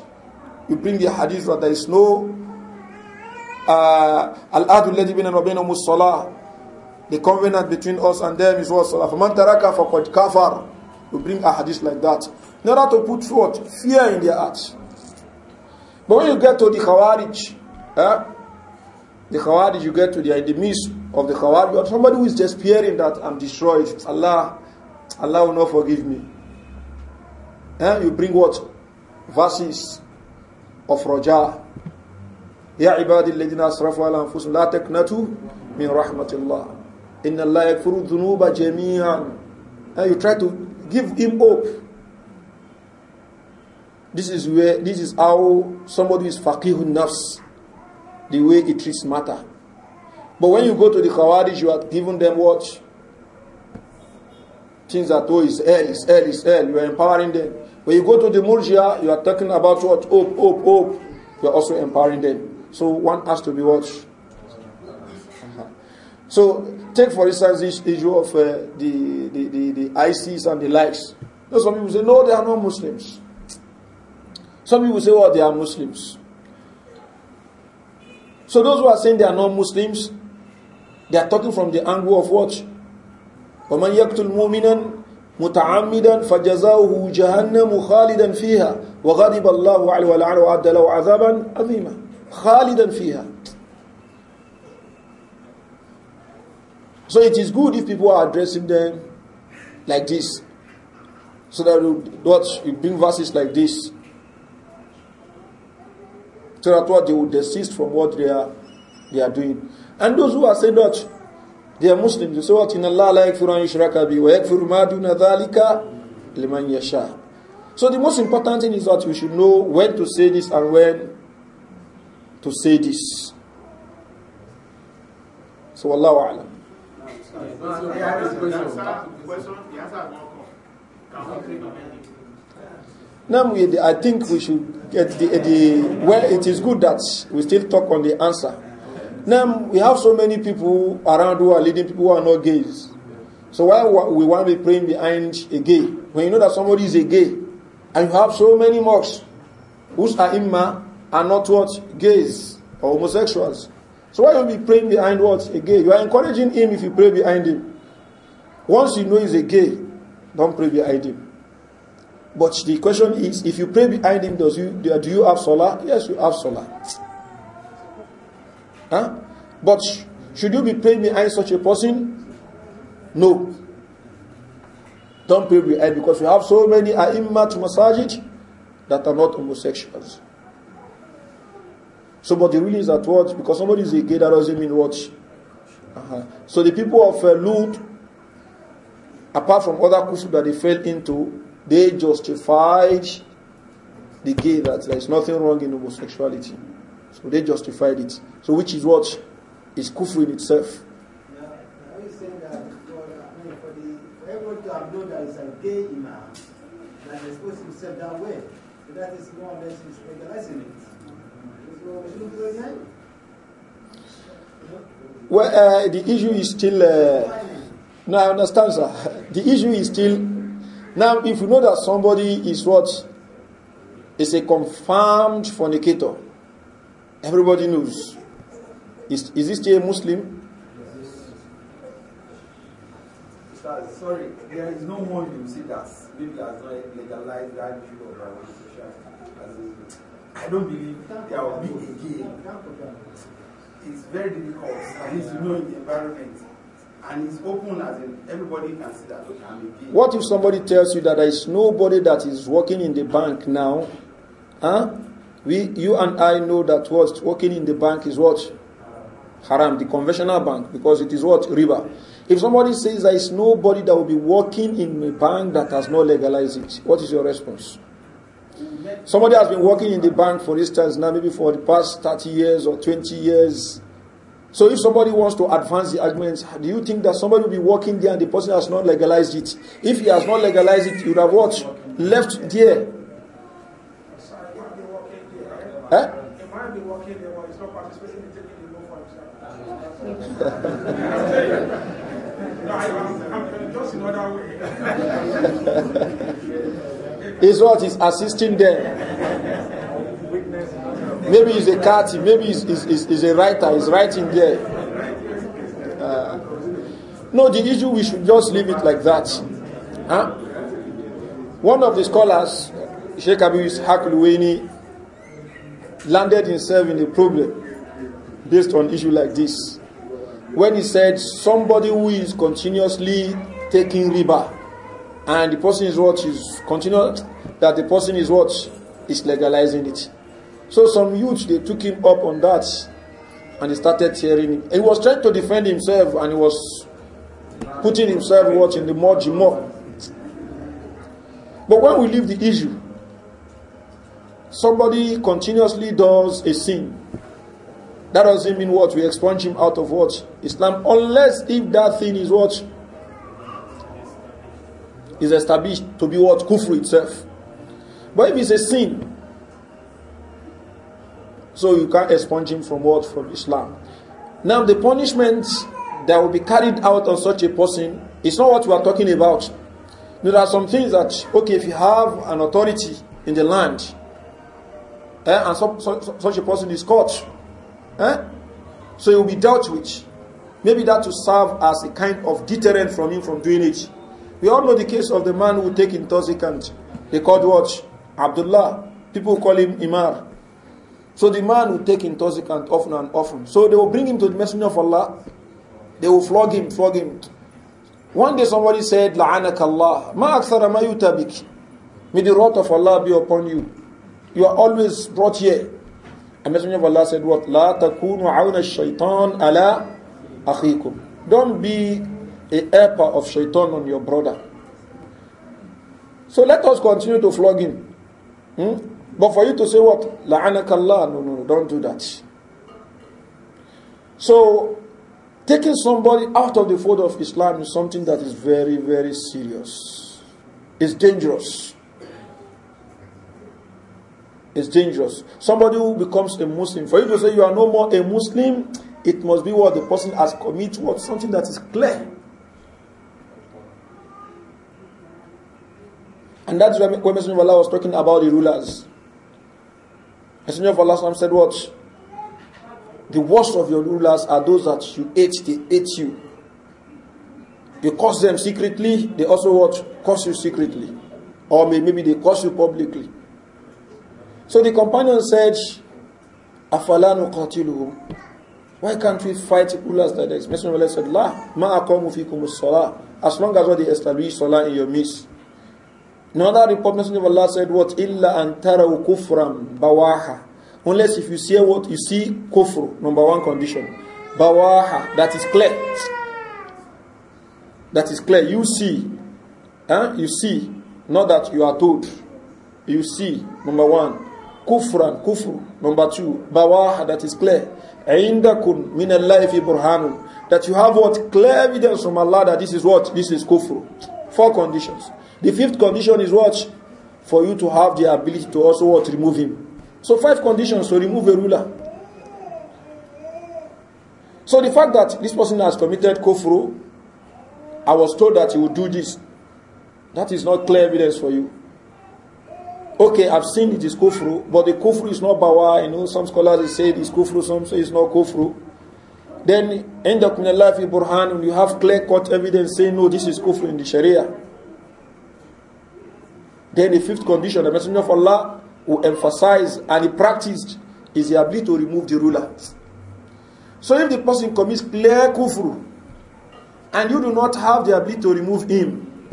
You bring the hadith that there is no... Uh, Al-Adu الذي بين ربنا the covenant between us and them is what? Salafaman taraka faqad kafar. We bring a hadith like that. In order to put forth Fear in their hearts. But when you get to the Khawarij, eh? the Khawarij, you get to the enemies of the Khawarij, or somebody who is just fearing that I'm destroyed. Allah, Allah will not forgive me. Eh? You bring what? Verses of Raja. يا عبادي الذين أسرفوا على أنفسهم لا تقنطوا من رحمة الله in Allah yakfuru dhunuba Jamia, And you try to give him hope. This is where this is how somebody is faqihun nafs, the way it treats matter. But when you go to the Khawarij, you are giving them what? Things that oh is hell, is hell, is hell. You are empowering them. When you go to the Murjia, you are talking about what? Hope, hope, hope. You are also empowering them. So one has to be watched. So Take, for instance, this issue of uh, the, the, the, the ISIS and the likes. You know, some people say, no, they are not Muslims. Some people say, oh, they are Muslims. So those who are saying they are not Muslims, they are talking from the angle of what? وَمَنْ يَقْتُلْ مُؤْمِنًا متعمدا فجزاؤه جهنم خالدا فيها وغضب الله عليه ولعنه وعد له عذابا عظيما خالدا فيها So it is good if people are addressing them like this. So that what, you bring verses like this. So that what they will desist from what they are they are doing. And those who are saying that they are Muslims, they say what in Allah like yakfuru an yushraka liman yasha. So the most important thing is that we should know when to say this and when to say this. So Allah A'lam. Now we, I think we should get the, the well. It is good that we still talk on the answer. Now we have so many people around who are leading people who are not gays. So why we want to be praying behind a gay when you know that somebody is a gay, and you have so many mocks whose are imma are not what gays or homosexuals. So why you be praying behind what? A gay. You are encouraging him if you pray behind him. Once you know he's a gay, don't pray behind him. But the question is, if you pray behind him, does you do you have solar? Yes, you have solar. Huh? But should you be praying behind such a person? No. Don't pray behind because we have so many A'immat Masajid that are not homosexuals. So, but the is that what? Because somebody is a gay, that doesn't mean what? Uh -huh. So the people of uh, Lut, apart from other kufr that they fell into, they justified the gay that there is nothing wrong in homosexuality. So they justified it. So which is what is kufu in itself. Yeah. Are you saying that for, I mean, for, the, for everyone to have known that it's a gay imam, that exposed himself that way, so that is more or less legalizing it. Well, uh, the issue is still. Uh, no, I understand, sir. The issue is still. Now, if you know that somebody is what is a confirmed fornicator, everybody knows. Is is this still a Muslim? sorry, there is no more. you see that maybe has not legalized that view of our I don't believe there will be a game. It's very difficult, at least you know in the environment. And it's open as in everybody can see that, okay, I'm a game. What if somebody tells you that there is nobody that is working in the bank now? Huh? We, you and I know that what working in the bank is what? Haram, the conventional bank, because it is what? Riba. If somebody says there is nobody that will be working in a bank that has not legalized it, what is your response? Somebody has been working in the bank, for instance, now maybe for the past 30 years or 20 years. So if somebody wants to advance the arguments, do you think that somebody will be working there and the person has not legalized it? If he has not legalized it, you would have what? Left there. Eh? no, I, am just in other way. Is what is assisting them. Maybe he's a cat, maybe he's, he's, he's, a writer, he's writing there. Uh, no, the issue, we should just leave it like that. Huh? One of the scholars, Sheikh Abu Ishaq landed himself in a problem based on issue like this. When he said somebody who is continuously taking riba and the person is what is continuous that the person is what? Is legalizing it. So some youth they took him up on that and he started tearing him. He was trying to defend himself and he was putting himself what in the mud more. But when we leave the issue, somebody continuously does a sin. That doesn't mean what we expunge him out of what Islam, unless if that thing is what is established to be what kufr itself. But if it's a sin, so you can't expunge him from what? From Islam. Now, the punishment that will be carried out on such a person is not what we are talking about. There are some things that, okay, if you have an authority in the land, eh, and so, so, so, such a person is caught, eh, so he will be dealt with. Maybe that will serve as a kind of deterrent from him from doing it. We all know the case of the man who take intoxicant. They called watch. Abdullah. People call him Imar. So the man would take intoxicant often and often. So they will bring him to the Messenger of Allah. They will flog him, flog him. One day somebody said, La'anak Allah. Ma aksara ma yutabik. May the wrath of Allah be upon you. You are always brought here. A Messenger of Allah said, What? La takunu awna shaitan ala akhikum. Don't be a helper of shaitan on your brother. So let us continue to flog him. Hmm? But for you to say what? La'anakallah, no, no, no, don't do that. So, taking somebody out of the fold of Islam is something that is very, very serious. It's dangerous. It's dangerous. Somebody who becomes a Muslim, for you to say you are no more a Muslim, it must be what the person has committed, what something that is clear. And that's where, where Messenger of Allah was talking about the rulers. Messenger of Allah said, What? The worst of your rulers are those that you hate, they hate you. You curse them secretly, they also what? Curse you secretly. Or maybe they curse you publicly. So the companion said, Afalanu qatiluhum. Why can't we fight rulers that exist? Messenger of Allah said, La, ma'akamu fikum salah. As long as what they establish salah in your midst. Another report, Messenger of Allah said, What? Illa antara kufram bawaha. Unless if you see what you see, kufr. number one condition. Bawaha, that is clear. That is clear. You see. Huh? You see. Not that you are told. You see, number one. Kufran, kufr. Number two. Bawaha, that is clear. عندكم من الله في that you have what clear evidence from Allah that this is what this is kufr. four conditions The fifth condition is what? For you to have the ability to also what? Remove him. So five conditions to remove a ruler. So the fact that this person has committed kofro, I was told that he would do this. That is not clear evidence for you. Okay, I've seen it is kofro, but the kofro is not bawa. You know, some scholars say it is kofro, some say it's not kofro. Then end up in a life in Burhan, you have clear court evidence saying no, this is kofro in the Sharia. Then the fifth condition, the Messenger of Allah who emphasized and he practiced is the ability to remove the rulers. So if the person commits clear kufru and you do not have the ability to remove him,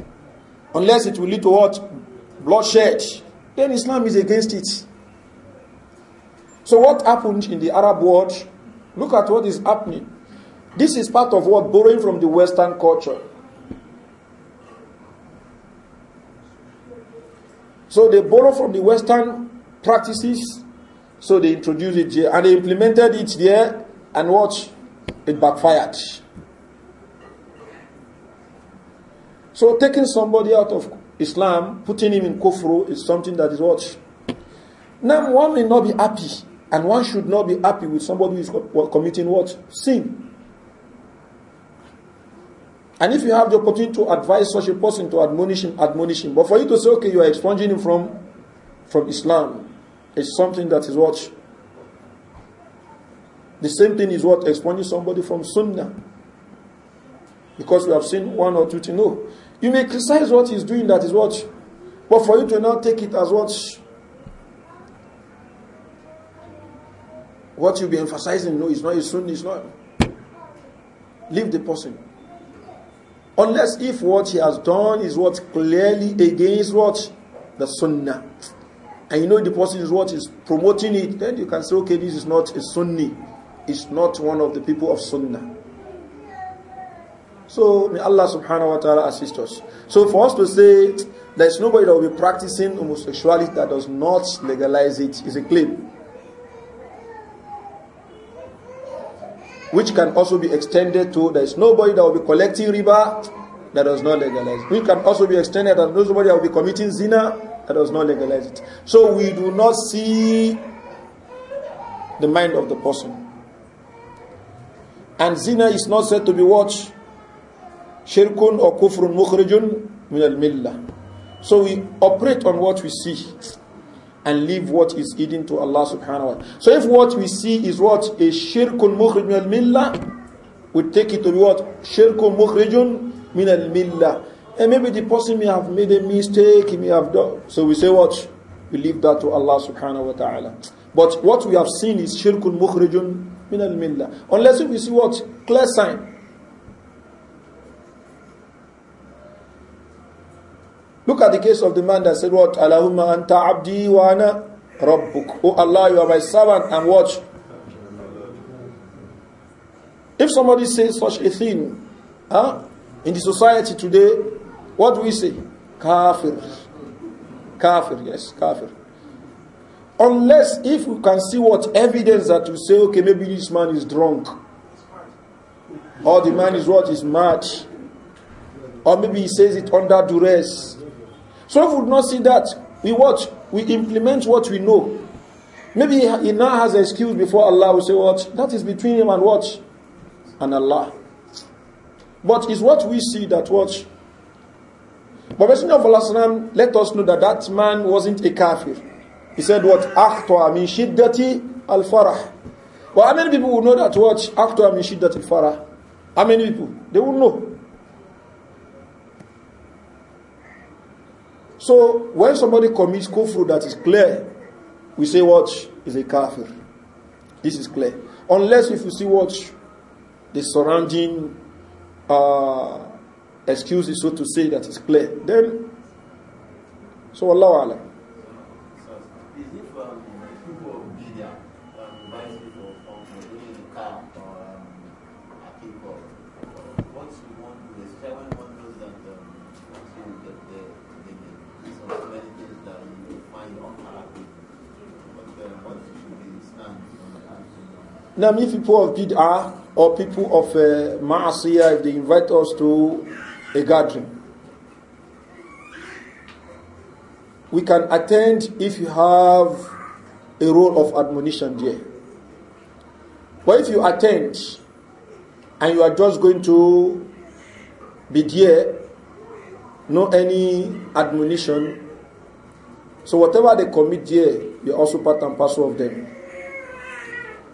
unless it will lead to what? Bloodshed, then Islam is against it. So what happened in the Arab world? Look at what is happening. This is part of what borrowing from the Western culture. So they borrow from the Western practices, so they introduced it here and they implemented it there, and watch, it backfired. So taking somebody out of Islam, putting him in kufru is something that is watched. Now one may not be happy, and one should not be happy with somebody who is committing what? Sin. And if you have the opportunity to advise such a person to admonish him, admonish him. But for you to say, okay, you are expunging him from, from Islam, it's something that is what? The same thing is what expunging somebody from Sunnah. Because we have seen one or two things. No. You may criticize what he's doing, that is what. But for you to now take it as what? What you'll be emphasizing, no, it's not a Sunnah, it's not. Leave the person. Unless if what he has done is what clearly against what? The sunnah. And you know the person is what is promoting it, then you can say, okay, this is not a sunni. It's not one of the people of sunnah. So may Allah subhanahu wa ta'ala assist us. So for us to say there's nobody that will be practicing homosexuality that does not legalize it is a claim. which can also be extended to there is nobody that will be collecting riba that does not legalize We Which can also be extended that nobody that will be committing zina that does not legalize it. So we do not see the mind of the person. And zina is not said to be what? Shirkun or kufrun mukhrijun min al-millah. So we operate on what we see. and leave what is hidden to Allah subhanahu wa ta'ala. So if what we see is what a shirkun mukhrij min al-millah, we take it to be what? Shirkun mukhrijun min al-millah. And maybe the person may have made a mistake, he may have done. So we say what? We leave that to Allah subhanahu wa ta'ala. But what we have seen is shirkun mukhrijun min al-millah. Unless if we see what? Clear sign. Look at the case of the man that said, What? Allahumma anta abdi wa ana rabbuk. Oh Allah, you are my servant and watch. If somebody says such a thing huh, in the society today, what do we say? Kafir. Kafir, yes, kafir. Unless if we can see what evidence that we say, okay, maybe this man is drunk. Or the man is what is mad. Or maybe he says it under duress. Some would not see that. We watch, we implement what we know. Maybe he now has an excuse before Allah We say, What? That is between him and what? And Allah. But it's what we see that what? But Messenger of Allah let us know that that man wasn't a kafir. He said, What? Akhtoa min shiddati al farah. But how many people would know that what? Akhtoa min shiddati al farah. How many people? They will know. So when somebody commits kufr that is clear, we say what is a kafir. This is clear. Unless if you see what the surrounding uh, excuses, so to say, that is clear, then so Allah Allah. Now, if people of Bid'ah or people of uh, Ma'asiyah, if they invite us to a gathering, we can attend if you have a role of admonition there. But if you attend and you are just going to be there, no any admonition, so whatever they commit there, you're also part and parcel of them.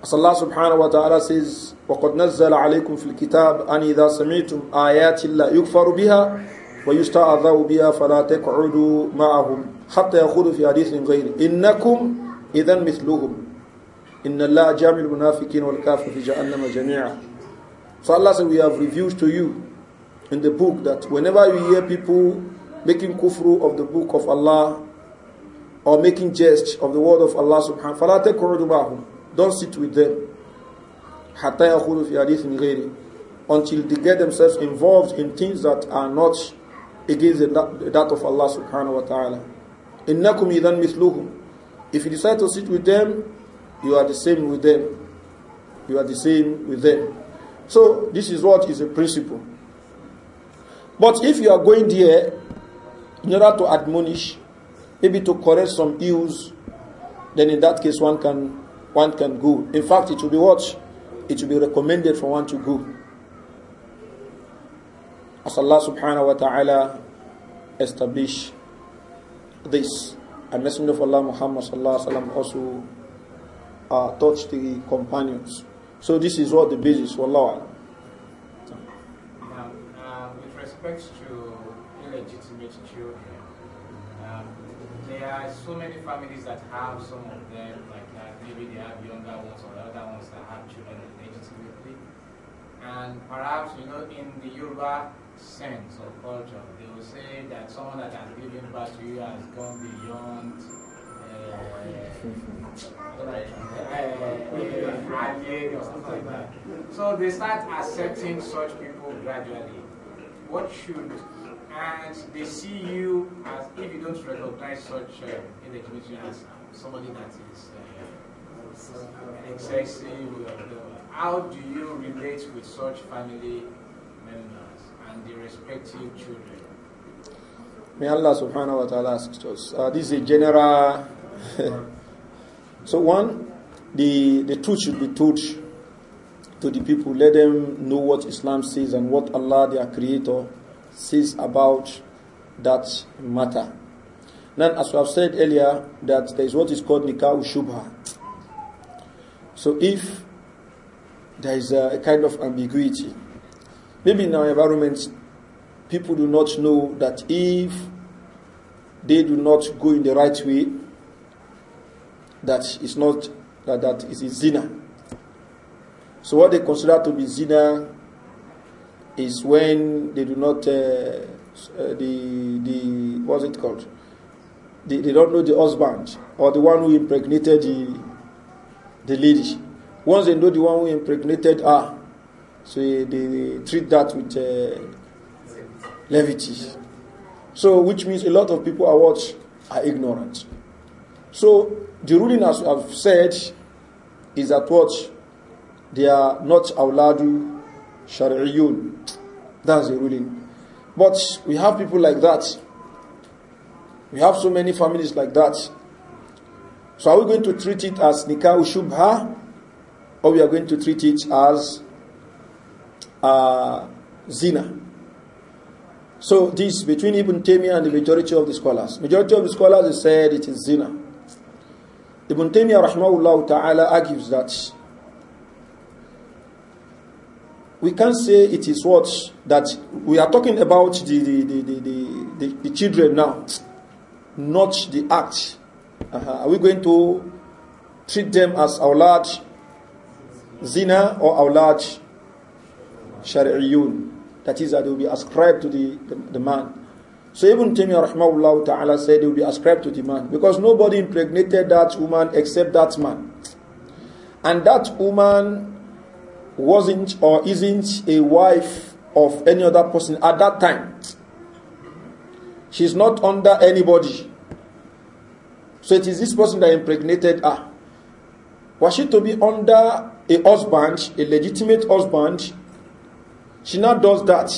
As Allah subhanahu wa ta'ala says, وَقَدْ نَزَّلَ عَلَيْكُمْ فِي الْكِتَابِ أَنْ إِذَا سَمِعْتُمْ آيَاتِ اللَّهِ يُكْفَرُ بِهَا وَيُسْتَعَذَوْا بِهَا فَلَا تَقْعُدُوا مَعَهُمْ حَتَّى يَخُوضُوا فِي حَدِيثٍ غَيْرِ إِنَّكُمْ إِذًا مِثْلُهُمْ إِنَّ اللَّهَ جَامِعُ الْمُنَافِقِينَ وَالْكَافِرِينَ فِي جَهَنَّمَ جَمِيعًا So Allah said, we have revealed to you in the book that whenever you hear people making kufru of the book of Allah or making jest of the word of Allah subhanahu wa ta'ala, Don't sit with them. Until they get themselves involved in things that are not against that of Allah subhanahu wa ta'ala. إِنَّكُمْ إِذَنْ مِثْلُهُمْ If you decide to sit with them, you are the same with them. You are the same with them. So this is what is a principle. But if you are going there in order to admonish, maybe to correct some ills, then in that case one can one can go. In fact, it will be what? It will be recommended for one to go. As Allah subhanahu wa ta'ala established this. And Messenger of Allah Muhammad sallallahu alayhi wa also uh, touched the companions. So this is what the basis, for wallahu um, With respect to illegitimate children, um, there are so many families that have some of them, like maybe they have younger ones or other ones that have children in ages quickly. And perhaps, you know, in the Yoruba sense of culture, they will say that someone that has given birth to you has gone beyond uh, uh, uh, so they start accepting such people gradually. What should and they see you as if you don't recognize such uh, in the community as somebody that is uh, excessive. How do you relate with such family members and the respective children? May Allah subhanahu wa ta'ala ask us. Uh, this is a general. so, one, the, the truth should be told to the people. Let them know what Islam says and what Allah, their Creator, says about that matter. Now, as we have said earlier, that there is what is called nikah shubha. So if there is a, kind of ambiguity, maybe in our environment, people do not know that if they do not go in the right way, that is not that that is a zina. So what they consider to be zina is when they do not uh, uh, the the what's it called? They, they don't know the husband or the one who impregnated the the lady. Once they know the one who impregnated her, so they, they treat that with uh, levity. So, which means a lot of people are what are ignorant. So, the ruling, as I've said, is that what they are not awladu shari'iyun. That's the ruling. But we have people like that. We have so many families like that. So are we going to treat it as nikah shubha or we are going to treat it as uh, zina? So this between Ibn Taymiyyah and the majority of the scholars. Majority of the scholars have said it is zina. Ibn Taymiyyah rahmahullah ta'ala argues that we can not say it is what that we are talking about the the, the, the, the, the children now, not the act -huh. Are we going to treat them as our large zina or our large shari'iyun? That is, that uh, they will be ascribed to the, the, the man. So Ibn Taymiyyah rahmahullah ta'ala said they will be ascribed to the man because nobody impregnated that woman except that man. And that woman wasn't or isn't a wife of any other person at that time. She's not under anybody. So it is this person that impregnated her. Was she to be under a husband, a legitimate husband? She now does that.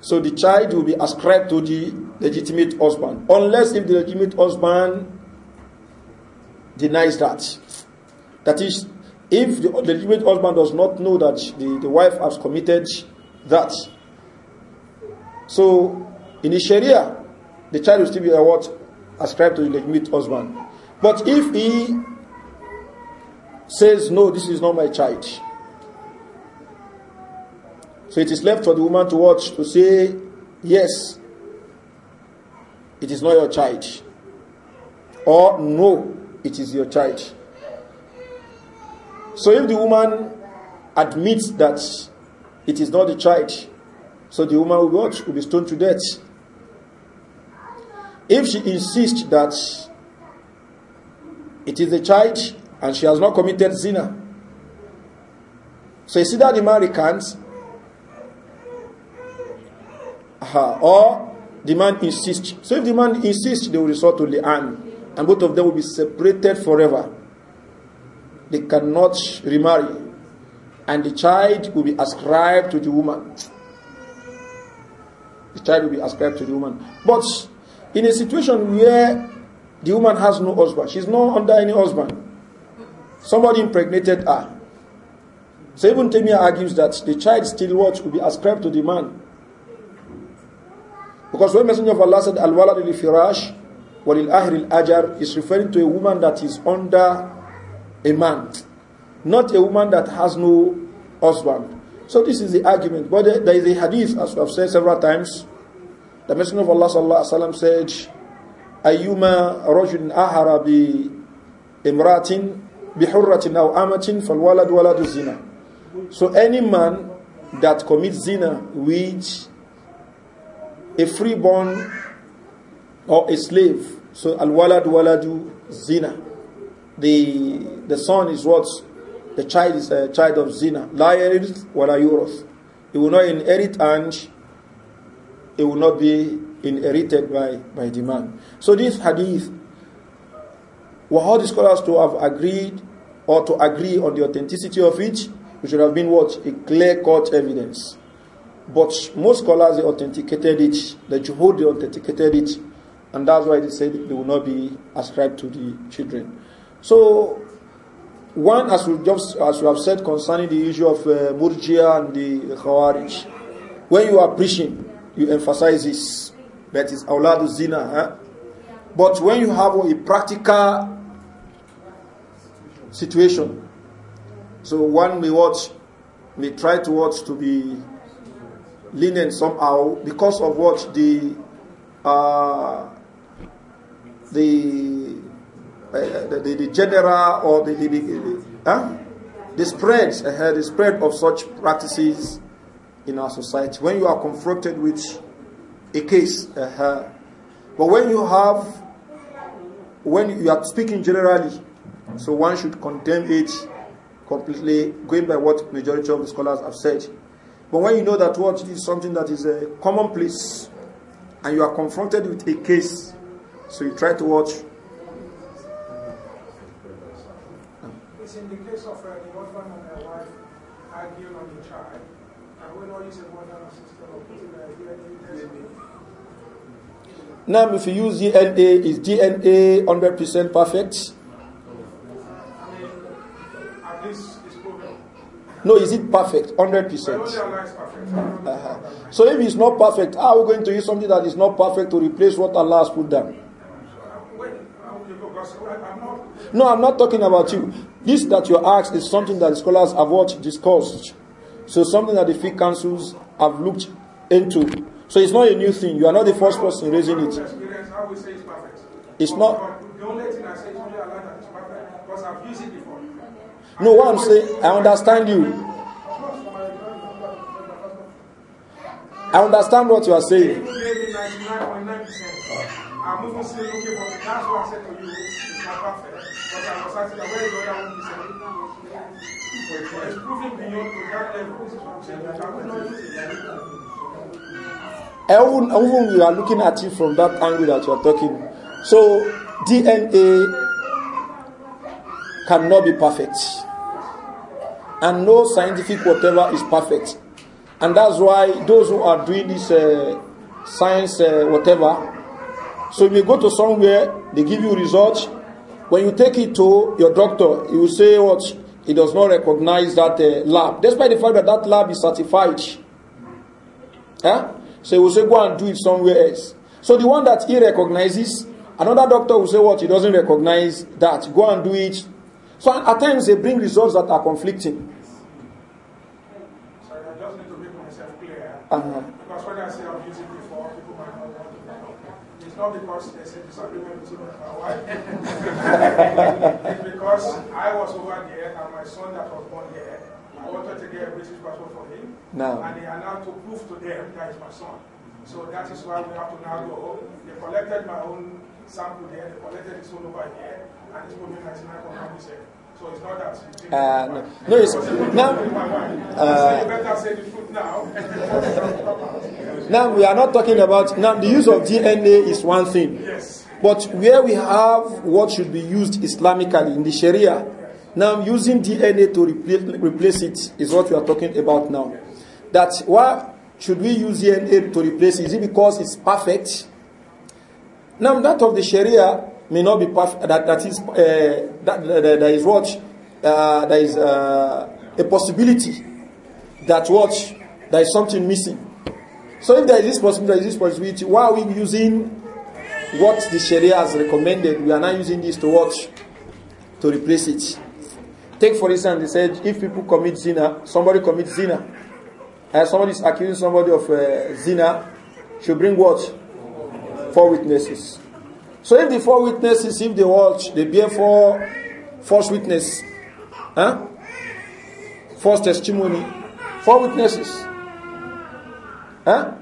So the child will be ascribed to the legitimate husband, unless if the legitimate husband denies that. That is, if the legitimate husband does not know that the, the wife has committed that. So, in the Sharia, the child will still be a uh, what? Ascribed to the legitimate husband. But if he says, no, this is not my child. So it is left for the woman to watch to say, yes, it is not your child. Or no, it is your child. So if the woman admits that it is not the child, so the woman will, watch, will be stoned to death. If she insists that it is a child and she has not committed zina, so you see that the man recants, or the man insists. So if the man insists, they will resort to li'an, and both of them will be separated forever. They cannot remarry, and the child will be ascribed to the woman. The child will be ascribed to the woman. But in a situation where the woman has no husband, she's not under any husband, somebody impregnated her. So even Temia argues that the child still what will be ascribed to the man. Because when Messenger of Allah said Al-Walad al-Firash Walil Ahril Ajar is referring to a woman that is under a man, not a woman that has no husband. So this is the argument. But there is a hadith, as we have said several times, The Messenger of Allah sallallahu alaihi wasallam said, "Ayyuma rajulin ahara bi imratin bi hurratin aw amatin fal walad waladu zina." So any man that commits zina with a freeborn or a slave, so al-walad waladu zina. The the son is what the child is a child of zina. La yarith wa la He will not inherit and it will not be inherited by, by the man. So this hadith, were all the scholars to have agreed or to agree on the authenticity of it, which would have been what? A clear-cut evidence. But most scholars, they authenticated it, the Juhud, they authenticated it, and that's why they said they will not be ascribed to the children. So, one, as we just as we have said concerning the issue of uh, Murjia and the Khawarij, when you are preaching, you emphasize this. That is awladu zina. Huh? But when you have a practical situation, so one may watch, may try to watch to be lenient somehow because of what the uh, the, uh, the, the, general or the the, the, uh, the spread uh, the spread of such practices in our society when you are confronted with a case. Uh, but when you have, when you are speaking generally, so one should condemn it completely, going by what majority of the scholars have said. But when you know that what is something that is a commonplace, and you are confronted with a case, so you try to watch. It's in the case of uh, the husband and the wife arguing on the child. Now, if you use DNA, is DNA 100% perfect? No, is it perfect? 100%. Uh-huh. So, if it's not perfect, how are we going to use something that is not perfect to replace what Allah has put down? No, I'm not talking about you. This that you ask is something that scholars have what discussed. So something that the fee councils have looked into. So it's not a new thing. You are not the first person raising it. It's not. No, what I'm saying, I understand you. I understand what you are saying. It's beyond level. Even, even we are looking at it from that angle that you are talking. So DNA cannot be perfect. And no scientific whatever is perfect. And that's why those who are doing this uh, science uh, whatever, so if you go to somewhere, they give you results. When you take it to your doctor, he will say what? he does not recognize that uh, lab, despite the fact that that lab is certified. Eh? So he will say, go and do it somewhere else. So the one that he recognizes, another doctor will say, what? He doesn't recognize that. Go and do it. So at times they bring results that are conflicting. Sorry, I just need to make myself clear. Uh -huh. not because there's a disagreement between my wife. it's because I was over there and my son that was born here, I wanted to get a British passport for him. No. And they are now to prove to them that is my son. So that is why we have to now go. They collected my own sample there, they collected his son over here, and it's put me 99 uh, no, no, it's now. Uh, now we are not talking about now. The use of DNA is one thing, yes. but where we have what should be used Islamically in the Sharia, now using DNA to replace replace it is what we are talking about now. That why should we use DNA to replace? Is it because it's perfect? Now that of the Sharia may not be perfect. That that is uh, that, that, that is what uh, there is uh, a possibility that what there is something missing. So if there is this possibility, there is this possibility. Why are we using what the Sharia has recommended? We are not using this to watch to replace it. Take for instance, they said if people commit zina, somebody commits zina, and somebody is accusing somebody of uh, zina, should bring what four witnesses. So if the four witnesses, if they watch, they bear four false witness, huh? false testimony, four witnesses. Huh?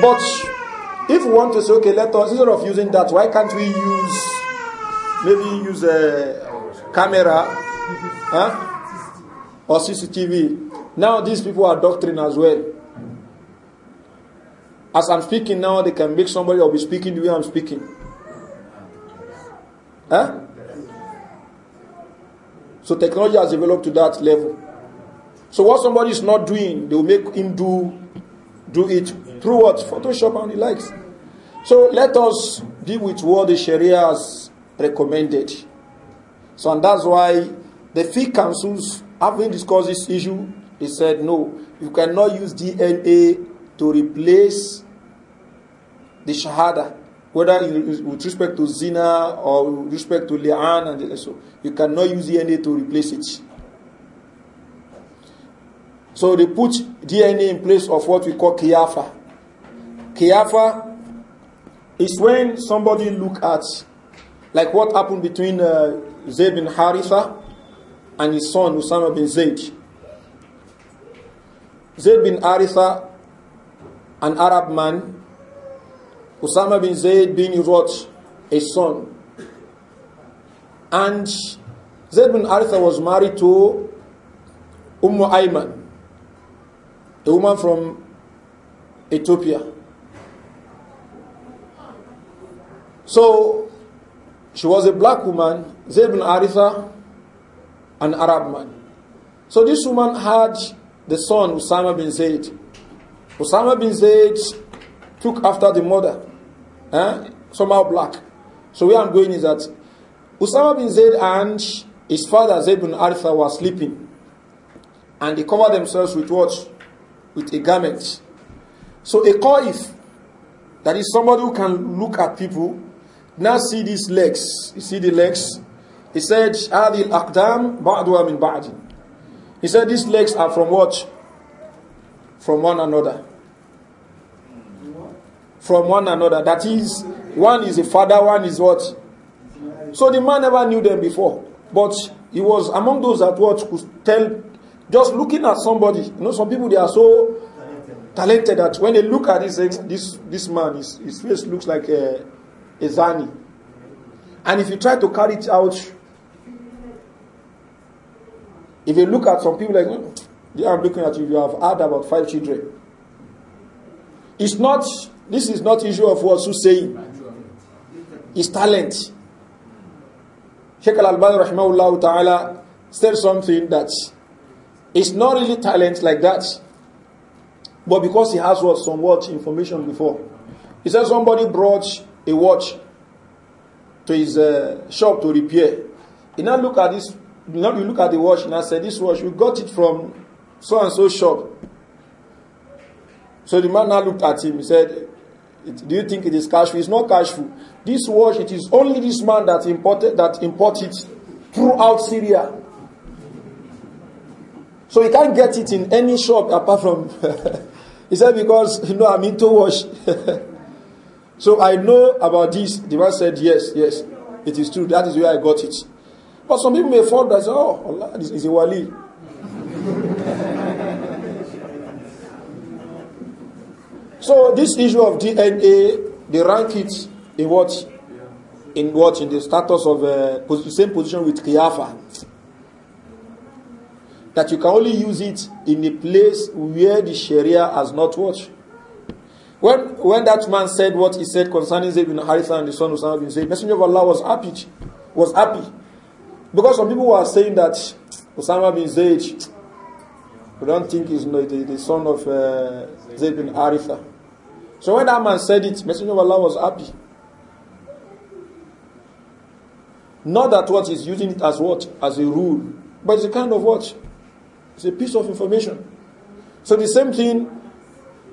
But if we want to say, okay, let us, instead of using that, why can't we use, maybe use a camera huh? or CCTV? Now these people are doctrine as well. As I'm speaking now, they can make somebody or be speaking the way I'm speaking. Huh? So technology has developed to that level. So what somebody is not doing, they will make him do do it through what? Photoshop and the likes. So let us deal with what the Sharia has recommended. So and that's why the fee councils, having discussed this issue, they said no, you cannot use DNA to replace the shahada, whether with respect to zina or with respect to li'an and so you cannot use DNA to replace it. So they put DNA in place of what we call kiafa. Kiafa is when somebody look at, like what happened between uh, Zayd bin Haritha and his son Usama bin Zayd. Zayd bin Haritha, an Arab man, Osama bin Zaid being his A son. And Zaid bin Aritha was married to Umm Ayman, a woman from Ethiopia. So she was a black woman, Zaid bin Aritha, an Arab man. So this woman had the son Usama bin Zaid. Usama bin Zaid took after the mother eh? somehow black. So where I'm going is that Usama bin Zaid and his father Zaid bin Aritha were sleeping. And they covered themselves with what? With a garment. So a qaif, that is somebody who can look at people, now see these legs. You see the legs? He said, Adil Aqdam Ba'dwa min Ba'din. He said, these legs are from what? From one another from one another. That is, one is a father, one is what? So the man never knew them before. But he was among those that what could tell, just looking at somebody. You know, some people, they are so talented that when they look at this, this, this man, his, his face looks like a, a zani. And if you try to carry it out, if you look at some people like, hmm, yeah, I'm looking at you, you have had about five children. It's not, this is not issue of what who's saying. It's talent. Sheikh Al-Albani rahimahullah ta'ala said something that it's not really talent like that. But because he has what, some what information before. He said somebody brought a watch to his uh, shop to repair. He now look at this, now you look at the watch and I said, this watch, we got it from so and so shop. So the man now looked at him. He said, Do you think it is cashful? It's not cashful. This watch, it is only this man that imported that imported throughout Syria. So he can't get it in any shop apart from. he said, Because, you know, I'm into watch. so I know about this. The man said, Yes, yes, it is true. That is where I got it. But some people may fall that, Oh, Allah, this is a wali. So this issue of DNA, they rank it in what? In what? In the status of uh, same position with Kiafa. That you can only use it in a place where the Sharia has not watched. When, when that man said what he said concerning Zayd bin Haritha and the son of Usama bin Zayd, Messenger of Allah was happy. Was happy. Because some people were saying that Osama bin Zayd, we don't think he's the, the, the son of uh, Zayd bin Aritha. So when that man said it, Messenger of Allah was happy. Not that what he's using it as what? As a rule. But it's a kind of what? It's a piece of information. So the same thing,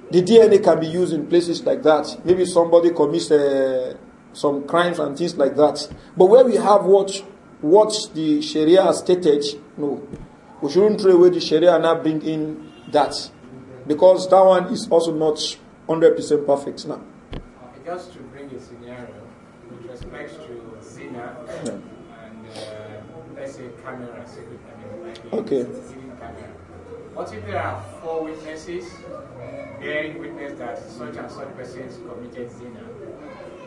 the DNA can be used in places like that. Maybe somebody commits uh, some crimes and things like that. But where we have what, what the Sharia has stated, no. We shouldn't throw away the Sharia and not bring in that. Because that one is also not 100% perfect now. Uh, just to bring a scenario with respect to Zina yeah. and uh, let's say camera, secret camera, like okay. camera. What if there are four witnesses bearing witness that such and such persons committed Zina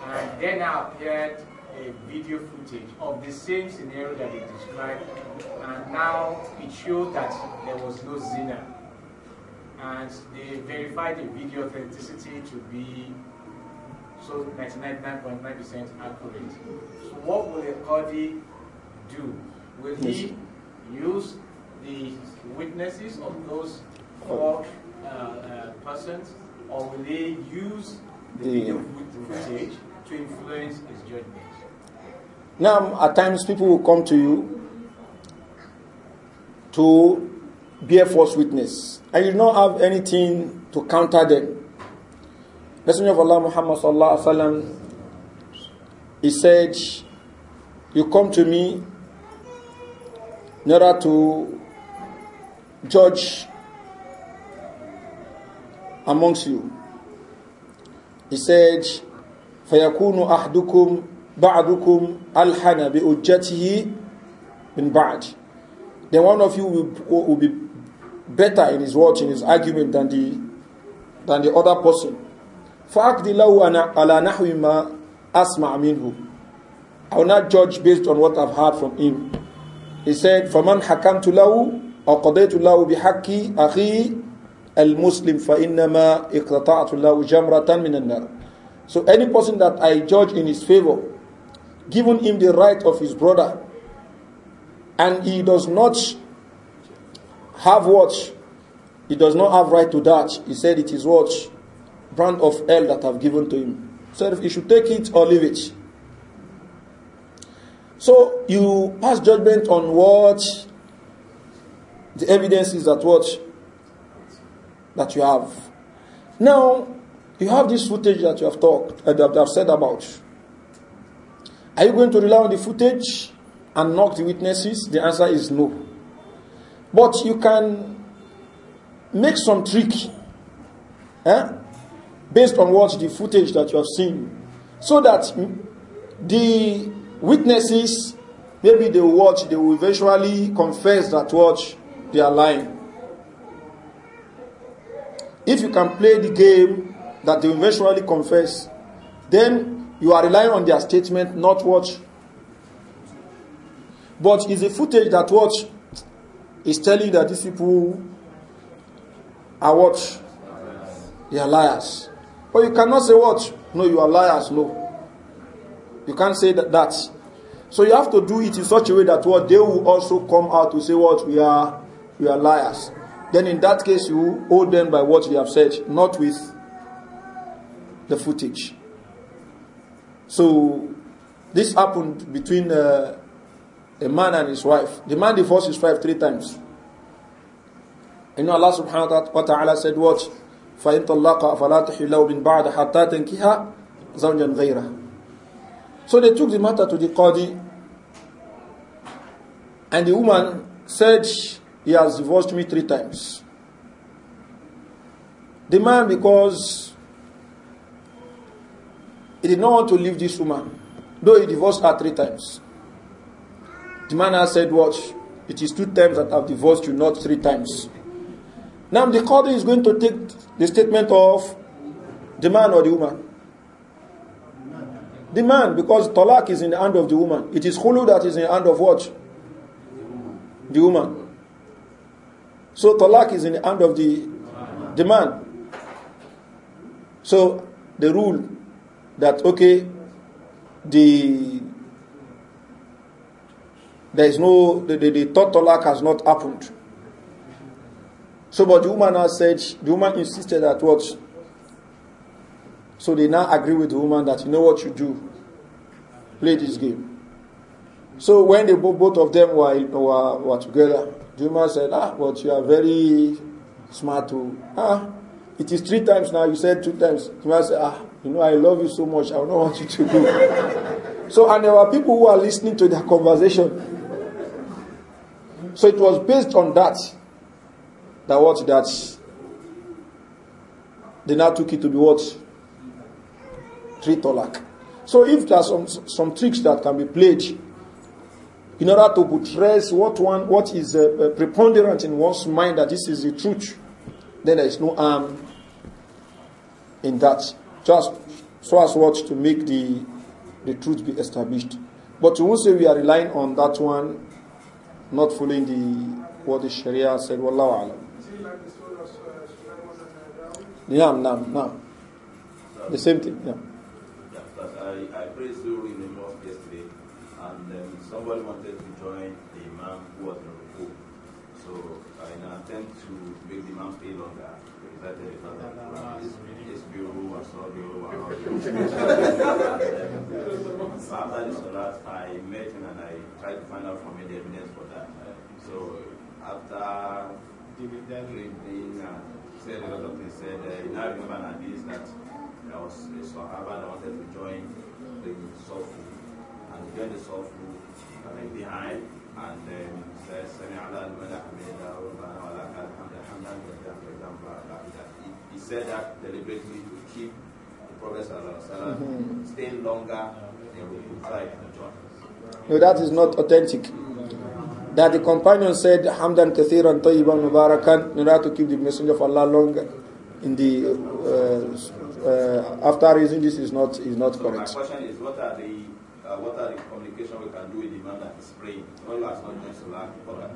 and then appeared a video footage of the same scenario that they described and now it showed that there was no Zina and they verify the video authenticity to be so 99.9% percent accurate. So what will the Qadi do? Will he use the witnesses of those four uh, uh, persons or will he use the video footage to influence his judgment? Now, at times people will come to you to bear false witness and you do not have anything to counter them. Messenger of Allah Muhammad sallallahu alaihi wasallam he said, "You come to me in order to judge amongst you." He said, "فيكون أحدكم بعضكم ألحن بأجته من بعد." Then one of you will, will be better in his words, in his argument than the than the other person. فَأَقْدِ لَهُ عَلَى نَحْوِ مَا أَسْمَعْ مِنْهُ I will not judge based on what I've heard from him. He said, فَمَنْ حَكَمْتُ لَهُ أَقْضَيْتُ لَهُ بِحَقِّ أَخِي الْمُسْلِمِ فَإِنَّمَا اقْتَطَعْتُ لَهُ جَمْرَةً مِنَ النَّارِ So any person that I judge in his favor, giving him the right of his brother, and he does not have watch. He does not have right to that. He said it is watch Brand of hell that I've given to him. So he should take it or leave it. So you pass judgment on what the evidence is that what that you have. Now you have this footage that you have talked uh, that I've said about. Are you going to rely on the footage and knock the witnesses? The answer is no. But you can make some trick eh, based on what the footage that you have seen so that the witnesses maybe they watch they will eventually confess that watch they are lying if you can play the game that they eventually confess then you are relying on their statement not watch but is the footage that watch is telling you that these people are what? They are liars. But you cannot say what? No, you are liars. No. You can't say that. that. So you have to do it in such a way that what they will also come out to say what we are, we are liars. Then in that case, you hold them by what they have said, not with the footage. So this happened between uh, a man and his wife. The man divorced his wife three times. You know Allah subhanahu wa ta'ala said what? فَإِن طَلَّقَ فَلَا تَحِلْ مِنْ بَعْدَ حَتَّى تَنْكِهَا زَوْجًا غَيْرَهُ So they took the matter to the Qadi and the woman said, he has divorced me three times. The man because he did not want to leave this woman, though he divorced her three times. The man has said, What? It is two times that I've divorced you, not three times. Now the court is going to take the statement of the man or the woman. The man, because talak is in the hand of the woman. It is hulu that is in the hand of what? The woman. So talak is in the hand of the, the man. So the rule that okay, the there is no, the, the, the third talak has not happened. So, but the woman now said, the woman insisted that what? So they now agree with the woman that you know what you do, play this game. So when they both of them were, were, were together, the woman said, ah, but you are very smart to, ah, it is three times now, you said two times. The woman said, ah, you know, I love you so much, I don't know what you to do. so, and there were people who are listening to their conversation. So it was based on that that what that they now took it to be what three lack. So if there are some some tricks that can be played in order to buttress what one what is uh, preponderant in one's mind that this is the truth, then there is no harm in that. Just so as what to make the the truth be established. But you won't say we are relying on that one not following the what the Sharia said. Wallahu alam. Yeah, no, no. The same thing. Yeah. I, I prayed Zuri in the mosque yesterday, and um, somebody wanted to join the imam who was in Ruku. So, I an attempt to make the imam stay longer, we decided to saw After the Salat, I met him and I tried to find out from him the evidence for that. So after reading and said a lot of things, said, uh, now I remember that hadith that there was a Sahaba that wanted to join the Sofu. And he joined the Sofu like behind and then says, Sami Allah al-Mala Hamida, wa Laka al-Hamda, Hamdan, wa Laka al al he said that deliberately to keep the Prophet mm-hmm. staying longer No, that is not authentic. That the companion said, Hamdan Kathiran Tayyiban Mubarakan, in order to keep the Messenger of Allah longer in the uh, uh, uh after reason. this is not is not so correct. My question is, what are the uh, what are the communication we can do with the man that is praying?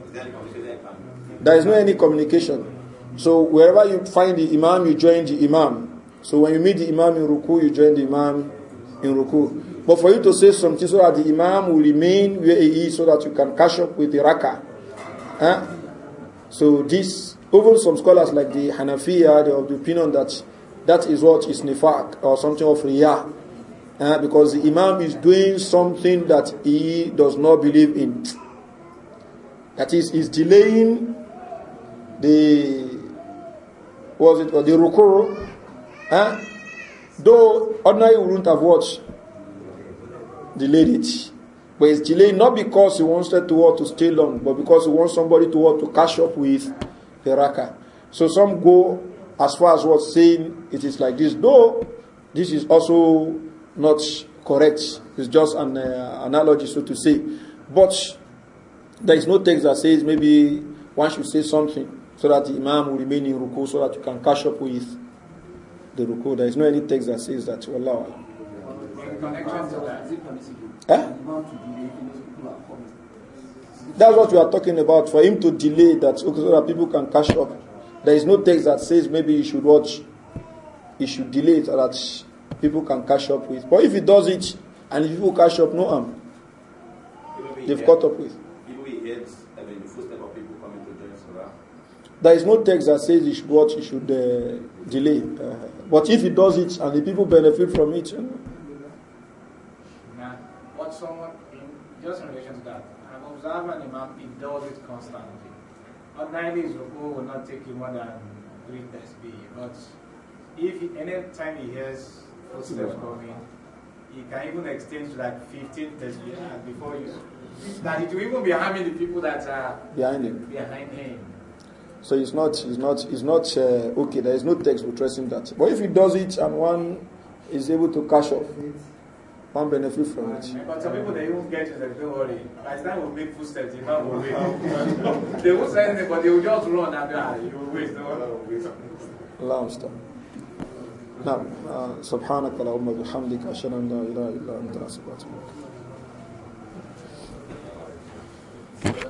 Is there any communication? There is no any communication So wherever you find the imam, you join the imam. So when you meet the imam in ruku, you join the imam in ruku. But for you to say something so that the imam will remain where he is so that you can catch up with the raka. Huh? Eh? So this, even some scholars like the Hanafiya, they have the opinion that that is what is nifaq or something of riyah. Eh? Uh, because the imam is doing something that he does not believe in. That is, he's delaying the was it called? The Rukuru. Huh? Eh? Though ordinarily we wouldn't have watched, delayed it. But it's delayed not because he wanted to work to stay long, but because he wants somebody to work to catch up with the raka. So some go as far as what saying it is like this. Though this is also not correct. It's just an uh, analogy, so to say. But there is no text that says maybe one should say something so that the Imam will remain in ruku so that you can catch up with the ruku. There is no any text that says that. Wallahu alam. Eh? That's what we are talking about. For him to delay that so that people can catch up. There is no text that says maybe you should watch, you should delay it so that people can catch up with. But if he does it and if people catch up, no harm. They've caught up with. There is no text that says he should, what should uh, delay. Uh, but if he does it and the people benefit from it. You know? What someone, just in relation to that, I've observed an imam, he does it constantly. Ordinarily, his ruku will not take you more than three days. But if he, any time he hears footsteps coming, he can even extend to like 15 days before you. That it will even be harming the people that are behind him. Behind him. So it's not, it's not, it's not uh, okay. There is no text will trust him that. But if he does it and one is able to cash off, one benefit from it. But some people they won't get it. Like, don't worry. By the time we make footsteps, the man will wait. they won't say anything, but they will just run and ah, you will wait. No one will wait. نعم سبحانك اللهم وبحمدك أشهد أن لا إله إلا أنت أستغفرك